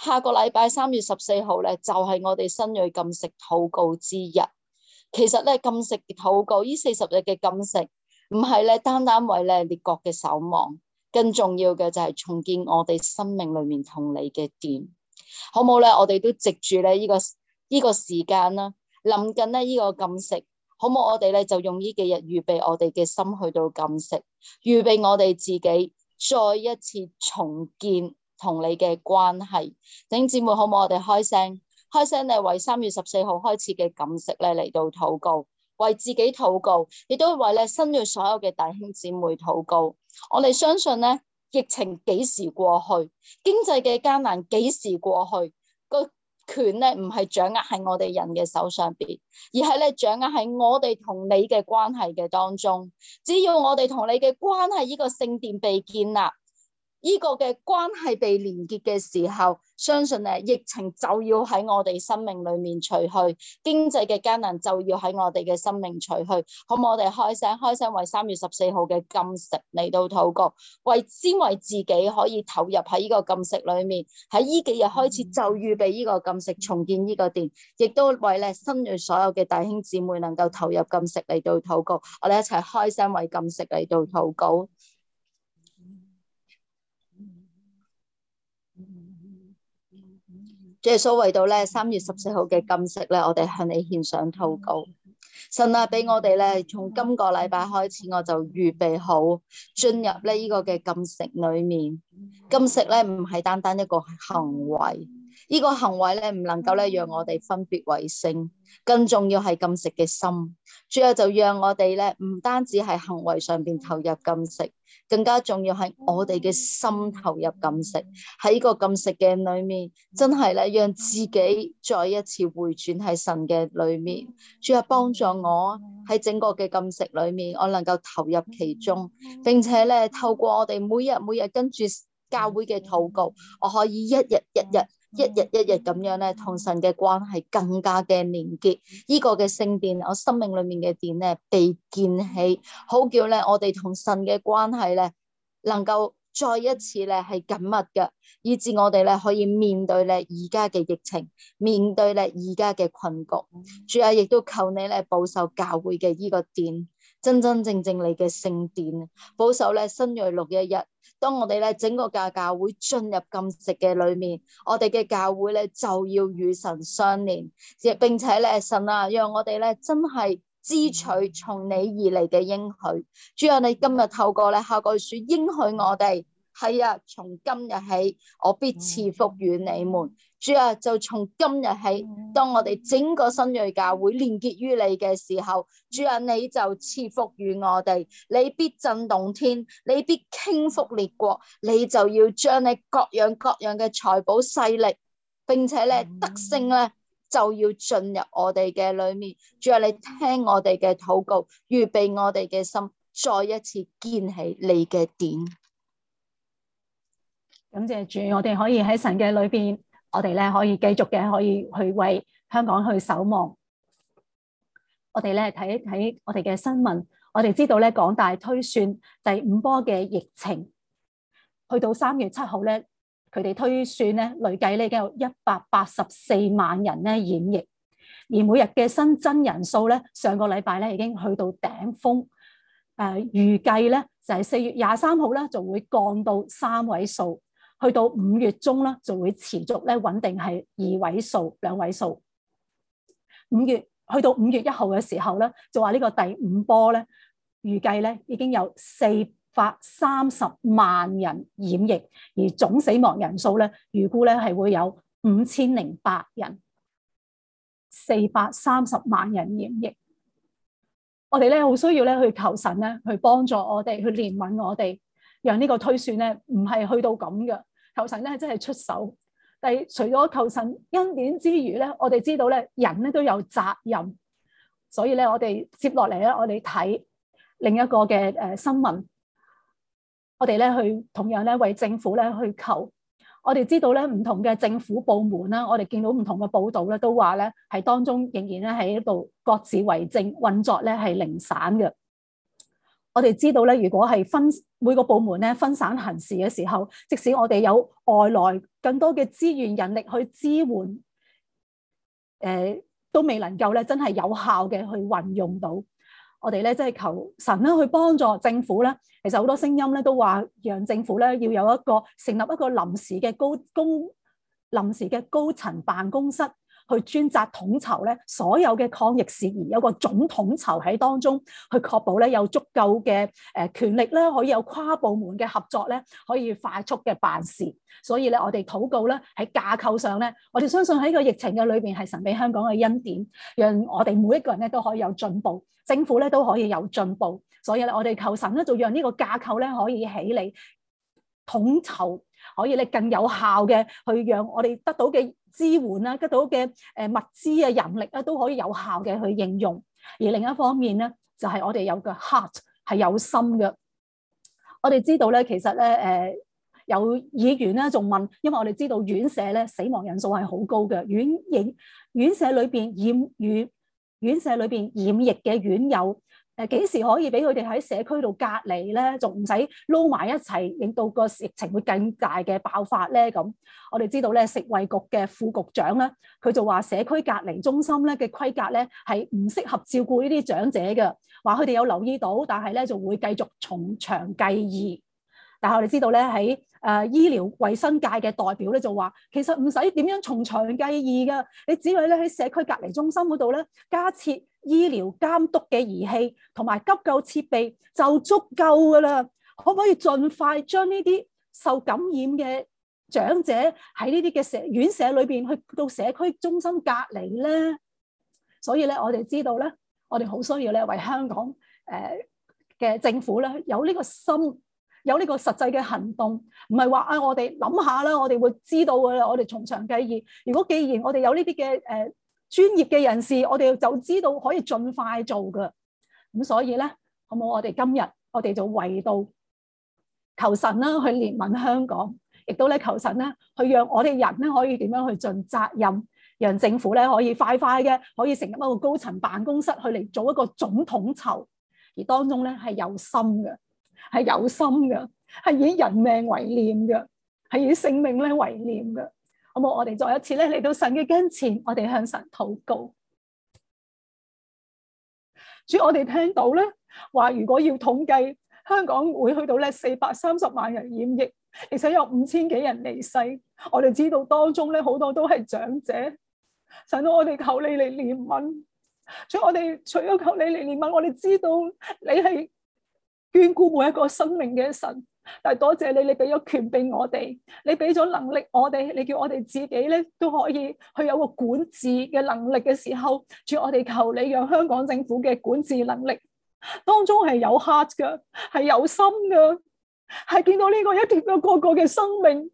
下個禮拜三月十四號咧，就係、是、我哋新蕊禁食禱告之日。其實咧，禁食嘅禱告呢四十日嘅禁食，唔係咧單單為咧列國嘅守望，更重要嘅就係重建我哋生命裏面同你嘅殿。好冇咧？我哋都藉住咧呢個呢個時間啦，諗緊咧呢個禁食，好冇？我哋咧就用呢幾日預備我哋嘅心去到禁食，預備我哋自己再一次重建同你嘅關係。請姊妹好冇，我哋開聲，開聲咧為三月十四號開始嘅禁食咧嚟到禱告，為自己禱告，亦都為咧新月所有嘅弟兄姊妹禱告。我哋相信咧。疫情幾時過去？經濟嘅艱難幾時過去？嗰個權咧唔係掌握喺我哋人嘅手上邊，而係你掌握喺我哋同你嘅關係嘅當中。只要我哋同你嘅關係呢個聖殿被建立，呢個嘅關係被連結嘅時候，相信咧疫情就要喺我哋生命裡面除去，經濟嘅艱難就要喺我哋嘅生命除去。好唔好我哋開聲開聲為三月十四號嘅禁食嚟到禱告，為先為自己可以投入喺呢個禁食裡面，喺呢幾日開始就預備呢個禁食重建呢個殿，亦都為咧新月所有嘅弟兄姊妹能夠投入禁食嚟到禱告。我哋一齊開聲為禁食嚟到禱告。即係所謂到咧三月十四號嘅禁食咧，我哋向你獻上禱告，神啊，俾我哋咧，從今個禮拜開始，我就預備好進入咧呢個嘅禁食裏面。禁食咧唔係單單一個行為。呢個行為咧唔能夠咧讓我哋分別為聖，更重要係禁食嘅心，最後就讓我哋咧唔單止係行為上面投入禁食，更加重要係我哋嘅心投入禁食。喺呢個禁食嘅裏面，真係咧讓自己再一次回轉喺神嘅裏面，最後幫助我喺整個嘅禁食裏面，我能夠投入其中，並且咧透過我哋每日每日跟住教會嘅禱告，我可以一日一日。一日一日咁樣咧，同神嘅關係更加嘅連結，呢個嘅聖殿，我生命裡面嘅殿咧被建起，好叫咧我哋同神嘅關係咧能夠再一次咧係緊密嘅，以至我哋咧可以面對咧而家嘅疫情，面對咧而家嘅困局。主啊，亦都求你咧保守教會嘅依個殿，真真正正你嘅聖殿，保守咧新蕊六一一。當我哋咧整個教教會進入禁食嘅裏面，我哋嘅教會咧就要與神相連，亦並且咧神啊，讓我哋咧真係支取從你而嚟嘅應許。主要你今日透過咧哈該書應許我哋，係啊，從今日起，我必賜福與你們。主啊，就從今日起，當我哋整個新銳教會連結於你嘅時候，主啊，你就賜福於我哋，你必震動天，你必傾覆列國，你就要將你各樣各樣嘅財寶勢力，並且咧得勝咧就要進入我哋嘅裏面。主啊，你聽我哋嘅禱告，預備我哋嘅心，再一次建起你嘅殿。感謝主，我哋可以喺神嘅裏邊。我哋咧可以繼續嘅，可以去為香港去守望。我哋咧睇一睇我哋嘅新聞，我哋知道咧港大推算第五波嘅疫情，去到三月七號咧，佢哋推算咧累計咧已經有一百八十四萬人咧染疫，而每日嘅新增人數咧，上個禮拜咧已經去到頂峰。誒、呃、預計咧就係、是、四月廿三號咧就會降到三位數。去到五月中咧，就會持續咧穩定係二位數，兩位數。五月去到五月一號嘅時候咧，就話呢個第五波咧預計咧已經有四百三十萬人染疫，而總死亡人數咧預估咧係會有五千零八人，四百三十萬人染疫。我哋咧好需要咧去求神咧去幫助我哋去憐憫我哋，讓呢個推算咧唔係去到咁嘅。求神咧真係出手，但係除咗求神恩典之餘咧，我哋知道咧人咧都有責任，所以咧我哋接落嚟咧，我哋睇另一個嘅誒新聞，我哋咧去同樣咧為政府咧去求，我哋知道咧唔同嘅政府部門啦，我哋見到唔同嘅報導，咧都話咧係當中仍然咧喺度各自為政，運作咧係零散嘅。我哋知道咧，如果係分每個部門咧分散行事嘅時候，即使我哋有外來更多嘅資源人力去支援，誒、呃、都未能夠咧真係有效嘅去運用到。我哋咧即係求神咧去幫助政府咧。其實好多聲音咧都話，讓政府咧要有一個成立一個臨時嘅高高臨時嘅高層辦公室。去專責統籌咧，所有嘅抗疫事宜，有個總統籌喺當中，去確保咧有足夠嘅誒權力啦，可以有跨部門嘅合作咧，可以快速嘅辦事。所以咧，我哋禱告咧喺架構上咧，我哋相信喺個疫情嘅裏邊係神俾香港嘅恩典，讓我哋每一個人咧都可以有進步，政府咧都可以有進步。所以咧，我哋求神咧就讓呢個架構咧可以起嚟統籌，可以咧更有效嘅去讓我哋得到嘅。支援啦、啊，得到嘅誒物資啊、人力啊都可以有效嘅去應用。而另一方面咧，就係、是、我哋有個 heart 係有心嘅。我哋知道咧，其實咧誒有議員咧仲問，因為我哋知道院舍咧死亡人數係好高嘅，院影院舍裏邊染與院舍裏邊染疫嘅院友。誒幾時可以俾佢哋喺社區度隔離咧？就唔使撈埋一齊，令到個疫情會更大嘅爆發咧？咁我哋知道咧，食衞局嘅副局長咧，佢就話社區隔離中心咧嘅規格咧係唔適合照顧呢啲長者嘅，話佢哋有留意到，但係咧就會繼續從長計議。但係我哋知道咧，喺誒醫療衞生界嘅代表咧就話，其實唔使點樣從長計議㗎，你只要咧喺社區隔離中心嗰度咧加設。醫療監督嘅儀器同埋急救設備就足夠噶啦，可唔可以盡快將呢啲受感染嘅長者喺呢啲嘅社院舍裏邊去到社區中心隔離咧？所以咧，我哋知道咧，我哋好需要咧，為香港誒嘅政府咧，有呢個心，有呢個實際嘅行動，唔係話啊，我哋諗下啦，我哋會知道噶啦，我哋從長計議。如果既然我哋有呢啲嘅誒，專業嘅人士，我哋就知道可以盡快做㗎。咁所以咧，好冇？我哋今日我哋就為到求神啦，去憐憫香港，亦都咧求神啦。去讓我哋人咧可以點樣去盡責任，讓政府咧可以快快嘅可以成立一個高層辦公室去嚟做一個總統籌，而當中咧係有心嘅，係有心嘅，係以人命為念嘅，係以性命咧為念嘅。好，我哋再一次咧嚟到神嘅跟前，我哋向神禱告。所以我哋聽到咧話，如果要統計香港會去到咧四百三十萬人染疫，而且有五千幾人離世。我哋知道當中咧好多都係長者。神，我哋求你嚟憐憫。主，我哋除咗求你嚟憐憫，我哋知道你係眷顧每一個生命嘅神。但係多謝你，你俾咗權俾我哋，你俾咗能力我哋，你叫我哋自己咧都可以去有個管治嘅能力嘅時候，主我哋求你讓香港政府嘅管治能力當中係有 heart 噶，係有心噶，係見到呢個一段個個嘅生命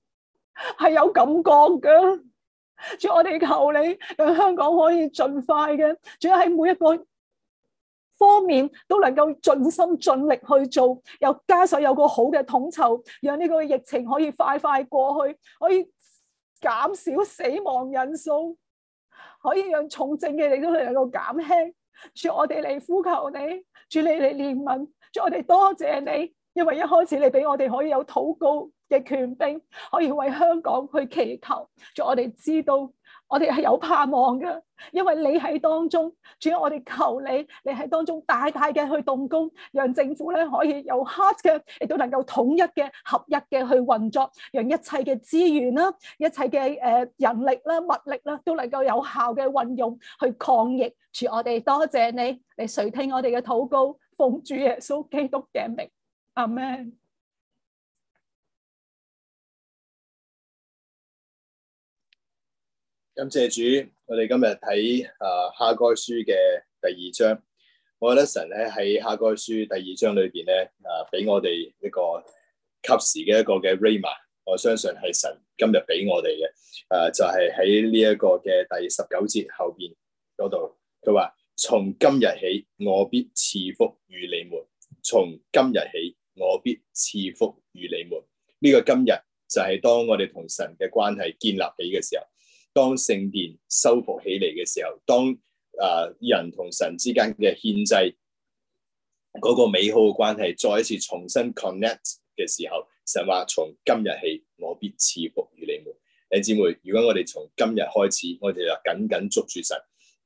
係有感覺噶，主我哋求你讓香港可以盡快嘅，仲要喺每一個方面都能夠盡心盡力去做，又加上有個好嘅統籌，讓呢個疫情可以快快過去，可以減少死亡人數，可以讓重症嘅人都能夠減輕。主我哋嚟呼求你，主你嚟憐憫，主我哋多謝、謝你，因為一開始你俾我哋可以有禱告嘅權柄，可以為香港去祈求，主我哋知道。我哋係有盼望㗎，因為你喺當中，主我哋求你，你喺當中大大嘅去動工，讓政府咧可以有黑嘅，亦都能夠統一嘅、合一嘅去運作，讓一切嘅資源啦、一切嘅誒人力啦、物力啦，都能夠有效嘅運用去抗疫。主我哋多謝你，你垂聽我哋嘅禱告，奉主耶穌基督嘅名，阿門。咁謝主，我哋今日睇啊《哈該書》嘅第二章，我覺得神咧喺《哈該書》第二章裏邊咧啊，俾我哋一個及時嘅一個嘅 rhema，我相信係神今日俾我哋嘅。誒，就係喺呢一個嘅第十九節後邊嗰度，佢話從今日起，我必賜福與你們；從今日起，我必賜福與你們。呢、這個今日就係當我哋同神嘅關係建立起嘅時候。當聖殿修復起嚟嘅時候，當啊、呃、人同神之間嘅獻祭嗰、那個美好嘅關係再一次重新 connect 嘅時候，神話從今日起，我必賜福於你們。你姊妹，如果我哋從今日開始，我哋就緊緊捉住神，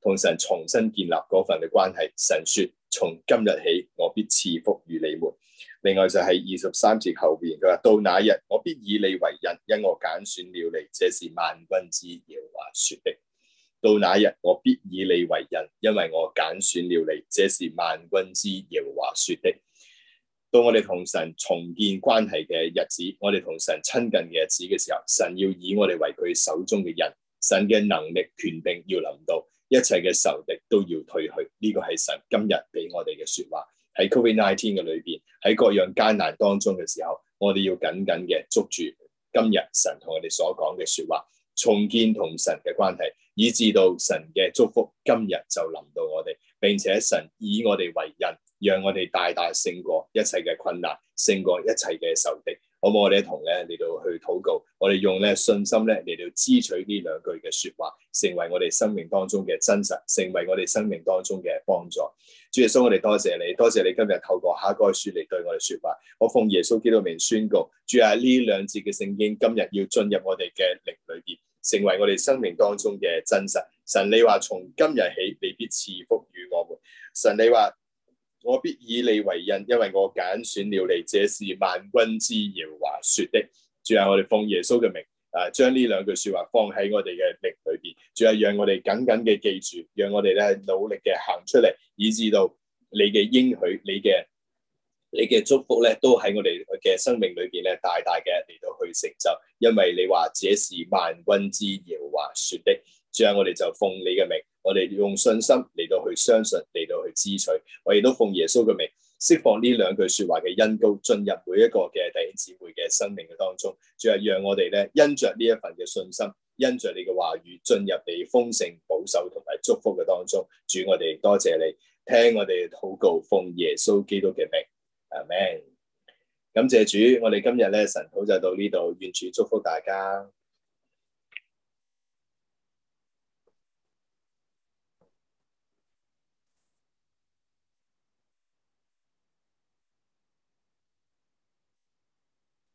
同神重新建立嗰份嘅關係，神說從今日起，我必賜福於你們。另外就係二十三節後邊，佢話到那一日，我必以你為印，因我揀選了你，這是萬軍之耶和華說的。到那一日，我必以你為印，因為我揀選了你，這是萬軍之耶和華說的。到我哋同神重建關係嘅日子，我哋同神親近嘅日子嘅時候，神要以我哋為佢手中嘅印。神嘅能力權柄要臨到，一切嘅仇敵都要退去。呢、這個係神今日俾我哋嘅說話。喺 Covid nineteen 嘅裏邊，喺各樣艱難當中嘅時候，我哋要緊緊嘅捉住今日神同我哋所講嘅說話，重建同神嘅關係，以致到神嘅祝福今日就臨到我哋，並且神以我哋為人，讓我哋大大勝過一切嘅困難，勝過一切嘅仇敵。好唔？我哋一同咧嚟到去禱告，我哋用咧信心咧嚟到支取呢兩句嘅說話，成為我哋生命當中嘅真實，成為我哋生命當中嘅幫助。主耶穌，我哋多謝，謝你，多謝，謝你今日透過哈該書嚟對我哋說話。我奉耶穌基督名宣告，主啊，呢兩節嘅聖經今日要進入我哋嘅靈裏邊，成為我哋生命當中嘅真實。神你話，從今日起，你必賜福與我們。神你話，我必以你為印，因為我揀選了你，這是萬軍之耶和華說的，主啊，我哋奉耶穌嘅名。誒、啊，將呢兩句說話放喺我哋嘅命裏邊，仲有讓我哋緊緊嘅記住，讓我哋咧努力嘅行出嚟，以至到你嘅應許，你嘅你嘅祝福咧，都喺我哋嘅生命裏邊咧，大大嘅嚟到去成就。因為你話這是萬軍之耶和華說的，仲有我哋就奉你嘅名，我哋用信心嚟到去相信，嚟到去支取，我亦都奉耶穌嘅名。釋放呢兩句說話嘅恩膏進入每一個嘅弟兄姊妹嘅生命嘅當中，主啊，讓我哋咧因着呢一份嘅信心，因着你嘅話語進入你豐盛保守同埋祝福嘅當中，主我哋多謝，謝你，聽我哋禱告，奉耶穌基督嘅名，阿們。感謝主，我哋今日咧神好就到呢度，願主祝福大家。